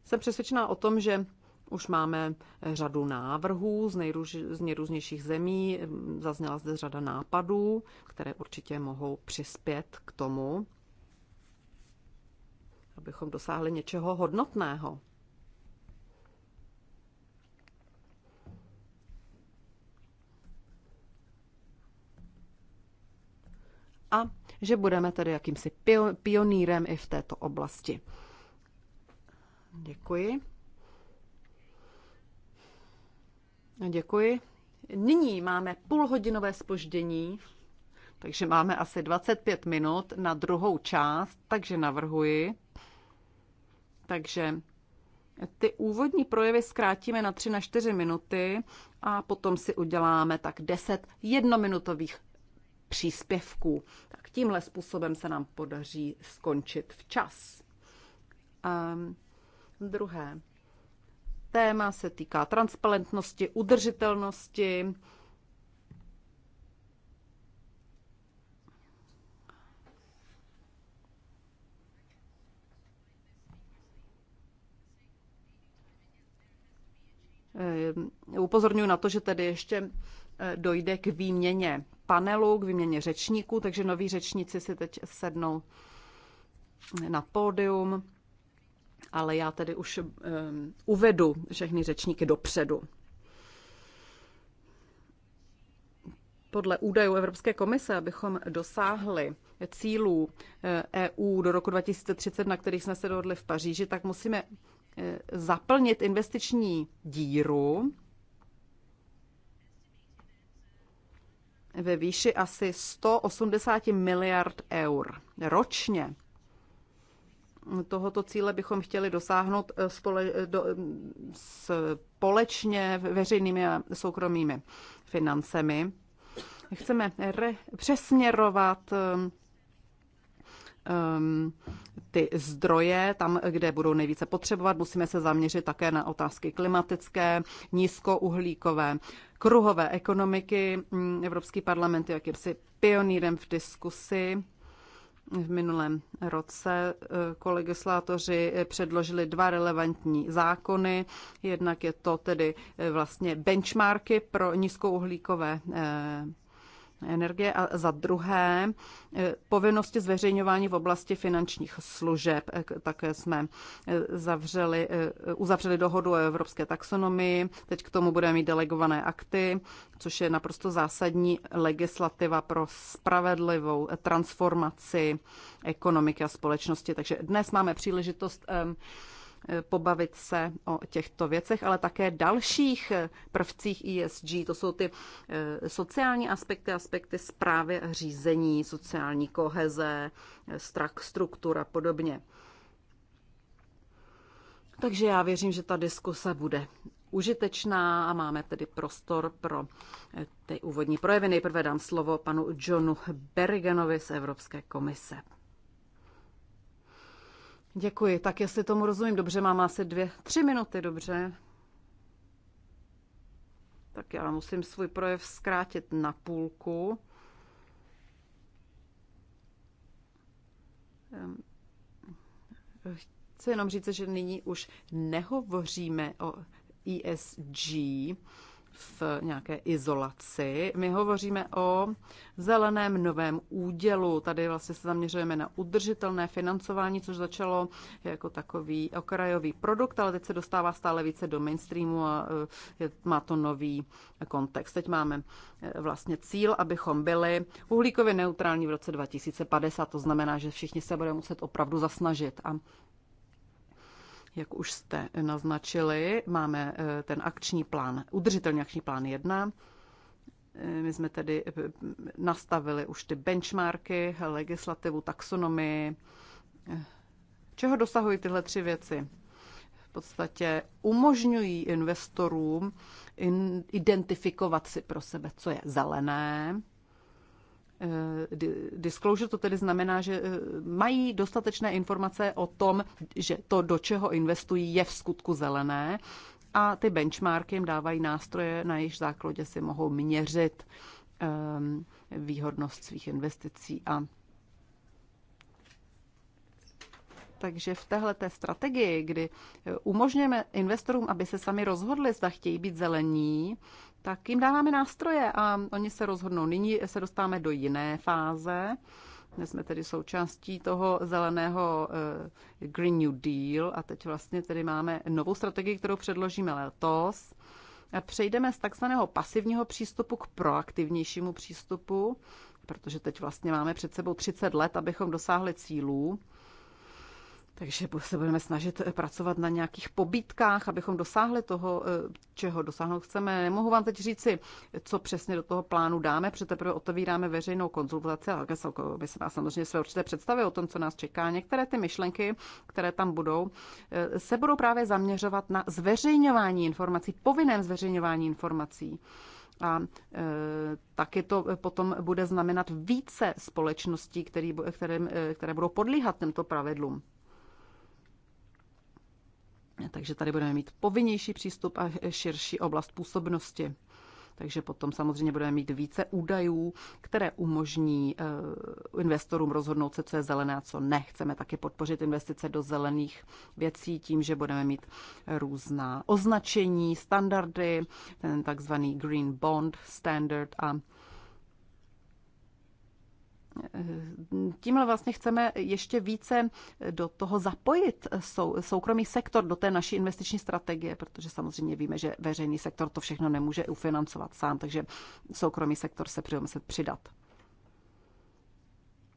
Jsem přesvědčená o tom, že už máme řadu návrhů z, nejruž, z nejrůznějších zemí, zazněla zde řada nápadů, které určitě mohou přispět k tomu, abychom dosáhli něčeho hodnotného. A že budeme tedy jakýmsi pionýrem i v této oblasti. Děkuji. No, děkuji. Nyní máme půlhodinové spoždění, takže máme asi 25 minut na druhou část, takže navrhuji. Takže ty úvodní projevy zkrátíme na 3 na 4 minuty a potom si uděláme tak 10 jednominutových příspěvků. Tak tímhle způsobem se nám podaří skončit včas. Um, druhé téma se týká transparentnosti, udržitelnosti, eh, Upozorňuji na to, že tedy ještě eh, dojde k výměně panelu, k výměně řečníků, takže noví řečníci si teď sednou na pódium ale já tedy už um, uvedu všechny řečníky dopředu. Podle údajů Evropské komise, abychom dosáhli cílů EU eh, e do roku 2030, na kterých jsme se dohodli v Paříži, tak musíme eh, zaplnit investiční díru ve výši asi 180 miliard eur ročně tohoto cíle bychom chtěli dosáhnout eh, spole, eh, do, eh, společně veřejnými a soukromými financemi. Chceme re, přesměrovat um, ty zdroje tam, kde budou nejvíce potřebovat. Musíme se zaměřit také na otázky klimatické, nízkouhlíkové, kruhové ekonomiky. Mm, Evropský parlament je jakýmsi pionýrem v diskusi v minulém roce eh, kolegislátoři eh, předložili dva relevantní zákony. Jednak je to tedy eh, vlastně benchmarky pro nízkouhlíkové energie a za druhé eh, povinnosti zveřejňování v oblasti finančních služeb. Eh, také jsme eh, zavřeli, uzavřeli dohodu o evropské taxonomii, teď k tomu budeme mít delegované akty, což je naprosto zásadní legislativa pro spravedlivou transformaci ekonomiky a společnosti. Takže dnes máme příležitost Eh, pobavit se o těchto věcech, ale také dalších eh, prvcích ESG. To jsou ty eh, sociální aspekty, aspekty zprávy řízení, sociální koheze, struktura a podobně. Takže já věřím, že ta diskuse bude užitečná a máme tedy prostor pro ty úvodní projevy. Nejprve dám slovo panu Johnu Bergenovi z Evropské komise. Děkuji. Tak jestli tomu rozumím dobře, mám asi dvě, tři minuty, dobře. Tak já musím svůj projev zkrátit na půlku. Ehm, chci jenom říct, že nyní už nehovoříme o ESG, v nějaké izolaci. My hovoříme o zeleném novém údělu. Tady vlastně se zaměřujeme na udržitelné financování, což začalo jako takový okrajový produkt, ale teď se dostává stále více do mainstreamu a e, má to nový kontext. Teď máme e, vlastně cíl, abychom byli uhlíkově neutrální v roce 2050. To znamená, že všichni se budeme muset opravdu zasnažit. A jak už jste naznačili, máme eh, ten akční plán, udržitelný akční plán 1. Eh, my jsme tedy eh, nastavili už ty benchmarky, legislativu, taxonomii. Čeho dosahují tyhle tři věci? V podstatě umožňují investorům identifikovat si pro sebe, co je zelené, Eh, disclosure, to tedy znamená, že eh, mají dostatečné informace o tom, že to, do čeho investují, je v skutku zelené a ty benchmarky jim dávají nástroje, na jejich základě si mohou měřit ehm, výhodnost svých investicí a Takže v téhle té strategii, kdy eh, umožňujeme investorům, aby se sami rozhodli, zda chtějí být zelení, tak jim dáváme nástroje a oni se rozhodnou. Nyní se dostáváme do jiné fáze. Dnes jsme tedy součástí toho zeleného eh, Green New Deal a teď vlastně tedy máme novou strategii, kterou předložíme letos. Přejdeme z takzvaného pasivního přístupu k proaktivnějšímu přístupu, protože teď vlastně máme před sebou 30 let, abychom dosáhli cílů. Takže se budeme snažit eh, pracovat na nějakých pobítkách, abychom dosáhli toho, eh, čeho dosáhnout chceme. Nemohu vám teď říci, co přesně do toho plánu dáme, protože teprve otevíráme veřejnou konzultaci, ale by se nás samozřejmě své určité představy o tom, co nás čeká. Některé ty myšlenky, které tam budou, eh, se budou právě zaměřovat na zveřejňování informací, povinném zveřejňování informací. A e, taky to potom bude znamenat více společností, který, kterým, které budou podlíhat těmto pravidlům. Takže tady budeme mít povinnější přístup a širší oblast působnosti. Takže potom samozřejmě budeme mít více údajů, které umožní eh, investorům rozhodnout se, co je zelené a co ne. Chceme taky podpořit investice do zelených věcí tím, že budeme mít různá označení, standardy, ten takzvaný Green Bond Standard a tímhle vlastně chceme ještě více do toho zapojit sou, soukromý sektor do té naší investiční strategie, protože samozřejmě víme, že veřejný sektor to všechno nemůže ufinancovat sám, takže soukromý sektor se bude muset přidat.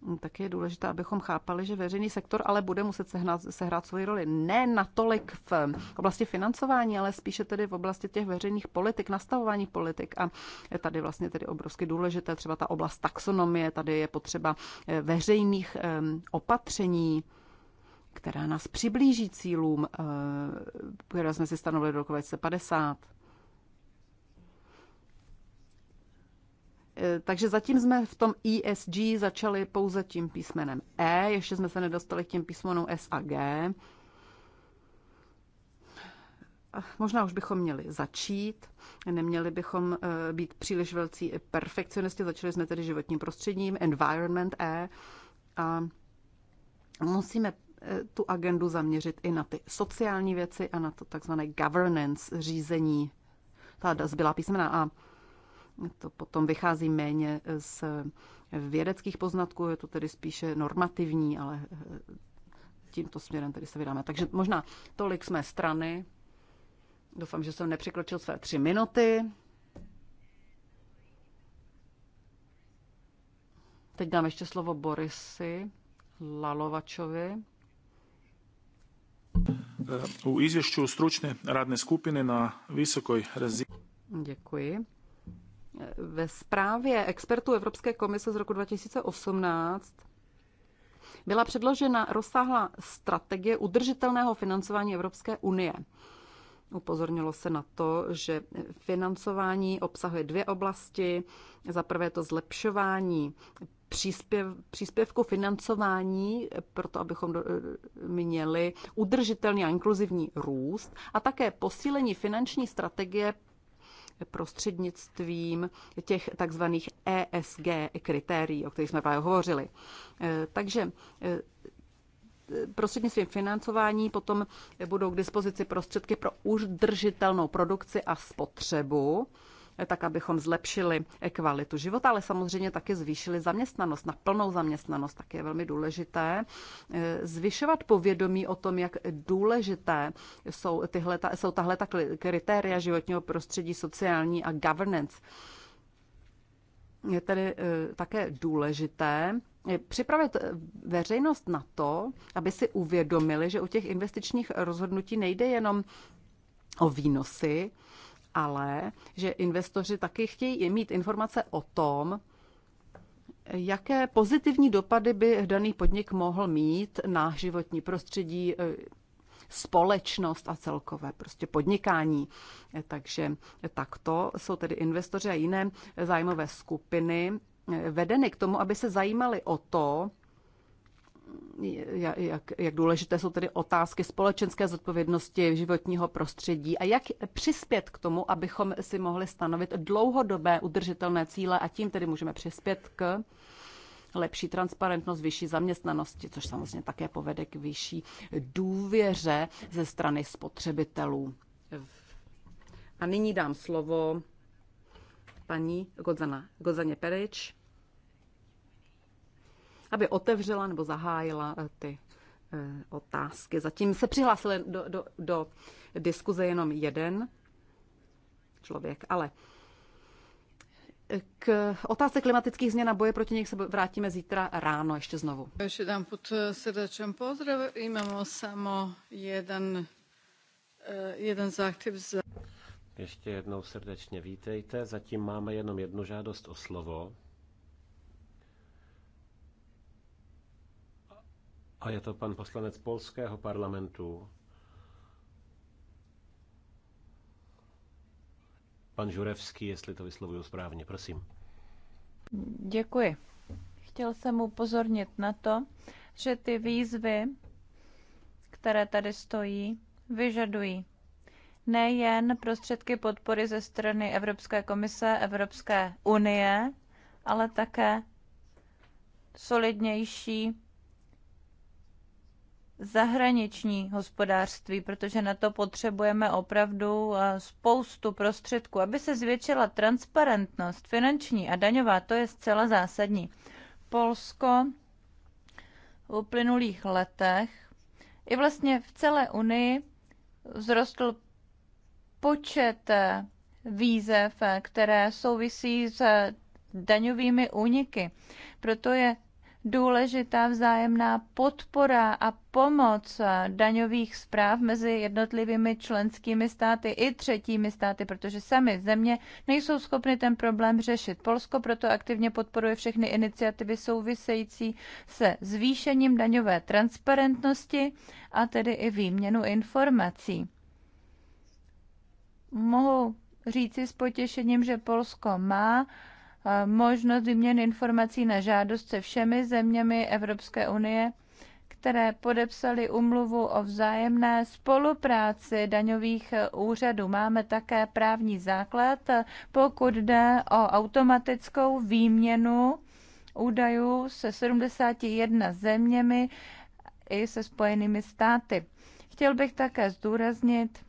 Hm, tak je důležité, abychom chápali, že veřejný sektor ale bude muset sehnat, sehrát svoji roli. Ne natolik v oblasti financování, ale spíše tedy v oblasti těch veřejných politik, nastavování politik. A je tady vlastně tedy obrovsky důležité třeba ta oblast taxonomie, tady je potřeba eh, veřejných opatření, která nás přiblíží cílům, eh, které jsme si stanovili do roku 2050. E, takže zatím jsme v tom ESG začali pouze tím písmenem E, ještě jsme se nedostali k těm písmenům S a G. Možná už bychom měli začít, neměli bychom e, být příliš velcí perfekcionisti, začali jsme tedy životním prostředím, environment E a musíme e, tu agendu zaměřit i na ty sociální věci a na to takzvané governance, řízení, ta zbylá písmena A. To potom vychází méně eh, z vědeckých poznatků, je to tedy spíše normativní, ale eh, tímto směrem tedy se vydáme. Takže možná tolik jsme strany. Doufám, že jsem nepřekročil své tři minuty. Teď dám ještě slovo Borisy Lalovačovi. Eh, u izvěšťu stručné radné skupiny na vysokoj rezi. Děkuji. Ve zprávě expertů Evropské komise z roku 2018 byla předložena rozsáhlá strategie udržitelného financování Evropské unie. Upozornilo se na to, že financování obsahuje dvě oblasti. Za prvé to zlepšování příspěv, příspěvku financování, proto abychom měli udržitelný a inkluzivní růst, a také posílení finanční strategie prostřednictvím těch takzvaných ESG kritérií, o kterých jsme právě hovořili. Eh, takže eh, prostřednictvím financování potom budou k dispozici prostředky pro udržitelnou produkci a spotřebu tak abychom zlepšili kvalitu života, ale samozřejmě také zvýšili zaměstnanost. Na plnou zaměstnanost tak je velmi důležité eh, zvyšovat povědomí o tom, jak důležité jsou, tyhle, jsou tahle kritéria životního prostředí, sociální a governance. Je tedy eh, také důležité eh, připravit veřejnost na to, aby si uvědomili, že u těch investičních rozhodnutí nejde jenom o výnosy, ale že investoři taky chtějí mít informace o tom, jaké pozitivní dopady by daný podnik mohl mít na životní prostředí, eh, společnost a celkové prostě podnikání. Eh, takže takto jsou tedy investoři a jiné zájmové skupiny eh, vedeny k tomu, aby se zajímali o to, jak, jak důležité jsou tedy otázky společenské zodpovědnosti životního prostředí a jak přispět k tomu, abychom si mohli stanovit dlouhodobé udržitelné cíle a tím tedy můžeme přispět k lepší transparentnost, vyšší zaměstnanosti, což samozřejmě také povede k vyšší důvěře ze strany spotřebitelů. A nyní dám slovo paní Godzana, Godzaně Perič aby otevřela nebo zahájila eh, ty eh, otázky. Zatím se přihlásil do, do, do diskuze jenom jeden člověk, ale eh, k otázce klimatických změn a boje proti nich se vrátíme zítra ráno ještě znovu. Ještě dám pod srdečem pozdrav. Imamo samo jeden, jeden záchtiv za... Ještě jednou srdečně vítejte. Zatím máme jenom jednu žádost o slovo. A je to pan poslanec polského parlamentu. Pan Žurevský, jestli to vyslovuju správně, prosím. Děkuji. Chtěl jsem upozornit na to, že ty výzvy, které tady stojí, vyžadují nejen prostředky podpory ze strany Evropské komise, Evropské unie, ale také solidnější zahraniční hospodářství, protože na to potřebujeme opravdu eh, spoustu prostředků. Aby se zvětšila transparentnost finanční a daňová, to je zcela zásadní. Polsko v uplynulých letech i vlastně v celé Unii vzrostl počet eh, výzev, eh, které souvisí s daňovými úniky. Proto je důležitá vzájemná podpora a pomoc daňových zpráv mezi jednotlivými členskými státy i třetími státy, protože sami země nejsou schopny ten problém řešit. Polsko proto aktivně podporuje všechny iniciativy související se zvýšením daňové transparentnosti a tedy i výměnu informací. Mohu říci s potěšením, že Polsko má možnost výměny informací na žádost se všemi zeměmi Evropské unie, které podepsaly umluvu o vzájemné spolupráci daňových úřadů. Máme také právní základ, pokud jde o automatickou výměnu údajů se 71 zeměmi i se Spojenými státy. Chtěl bych také zdůraznit,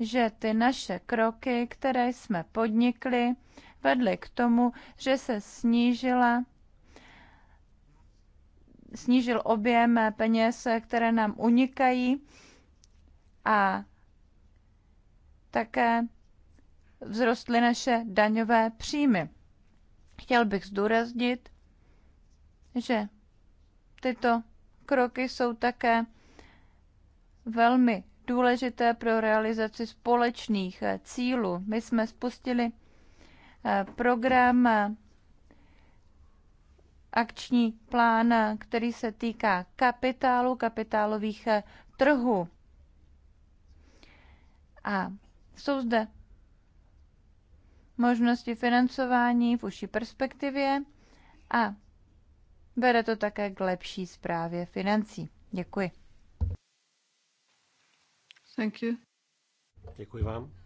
že ty naše kroky, které jsme podnikli, vedly k tomu, že se snížila snížil objem peněz, které nám unikají a také vzrostly naše daňové příjmy. Chtěl bych zdůraznit, že tyto kroky jsou také velmi důležité pro realizaci společných cílů. My jsme spustili program, akční plán, který se týká kapitálu, kapitálových eh, trhů. A jsou zde možnosti financování v užší perspektivě a vede to také k lepší zprávě financí. Děkuji. Thank you. Děkuji vám.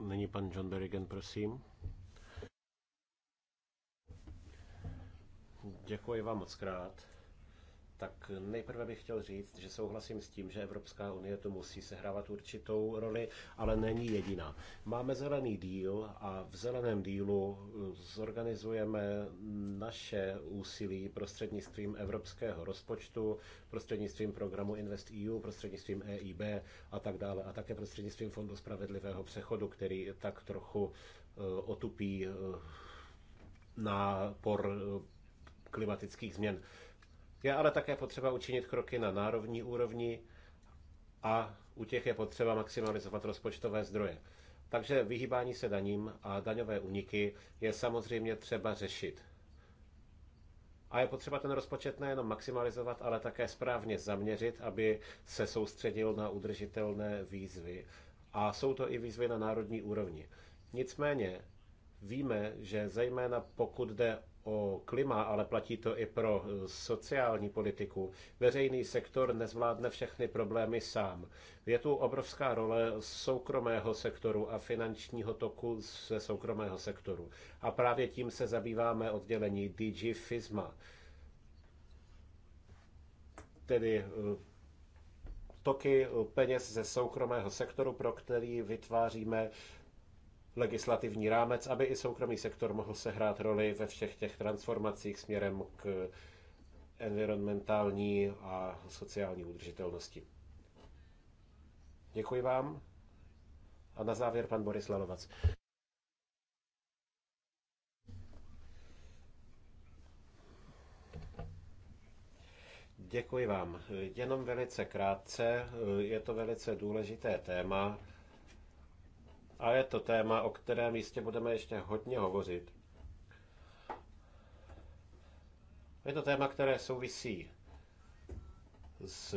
Není pan John Berrigan, prosím. Děkuji vám moc krát. Tak nejprve bych chtěl říct, že souhlasím s tím, že Evropská unie tu musí sehrávat určitou roli, ale není jediná. Máme zelený díl a v zeleném dílu eh, zorganizujeme naše úsilí prostřednictvím evropského rozpočtu, prostřednictvím programu Invest EU, prostřednictvím EIB a tak dále a také prostřednictvím Fondu spravedlivého přechodu, který tak trochu eh, otupí eh, nápor klimatických změn. Je ale také potřeba učinit kroky na národní úrovni a u těch je potřeba maximalizovat rozpočtové zdroje. Takže vyhýbání se daním a daňové úniky je samozřejmě třeba řešit. A je potřeba ten rozpočet nejenom maximalizovat, ale také správně zaměřit, aby se soustředil na udržitelné výzvy. A jsou to i výzvy na národní úrovni. Nicméně víme, že zejména pokud jde o klima, ale platí to i pro eh, sociální politiku. Veřejný sektor nezvládne všechny problémy sám. Je tu obrovská role soukromého sektoru a finančního toku ze soukromého sektoru. A právě tím se zabýváme oddělení DG FISMA. Tedy eh, toky eh, peněz ze soukromého sektoru, pro který vytváříme legislativní rámec, aby i soukromý sektor mohl sehrát roli ve všech těch transformacích směrem k environmentální a sociální udržitelnosti. Děkuji vám. A na závěr pan Boris Lalovac. Děkuji vám. Jenom velice krátce, je to velice důležité téma a je to téma, o kterém jistě budeme ještě hodně hovořit. Je to téma, které souvisí s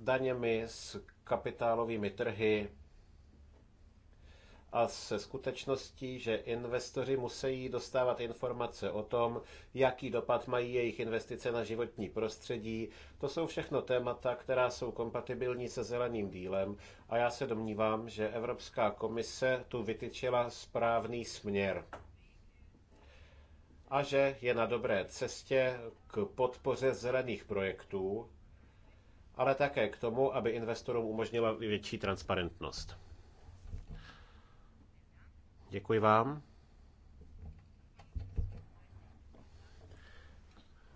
daněmi, s kapitálovými trhy, a se skutečností, že investoři musí dostávat informace o tom, jaký dopad mají jejich investice na životní prostředí. To jsou všechno témata, která jsou kompatibilní se zeleným dílem a já se domnívám, že Evropská komise tu vytyčila správný směr a že je na dobré cestě k podpoře zelených projektů, ale také k tomu, aby investorům umožnila větší transparentnost. Děkuji vám.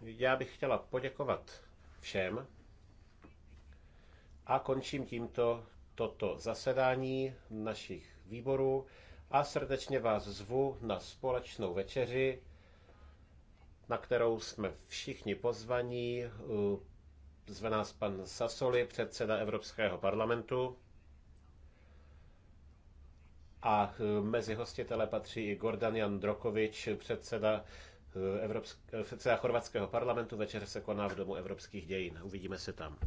Já bych chtěla poděkovat všem a končím tímto toto zasedání našich výborů a srdečně vás zvu na společnou večeři, na kterou jsme všichni pozvaní. Zve nás pan Sasoli, předseda Evropského parlamentu. A eh, mezi hostitele patří i Gordan Jan Drokovič, předseda, eh, Evropsk- eh, předseda chorvatského parlamentu. Večer se koná v Domu evropských dějin. Uvidíme se tam.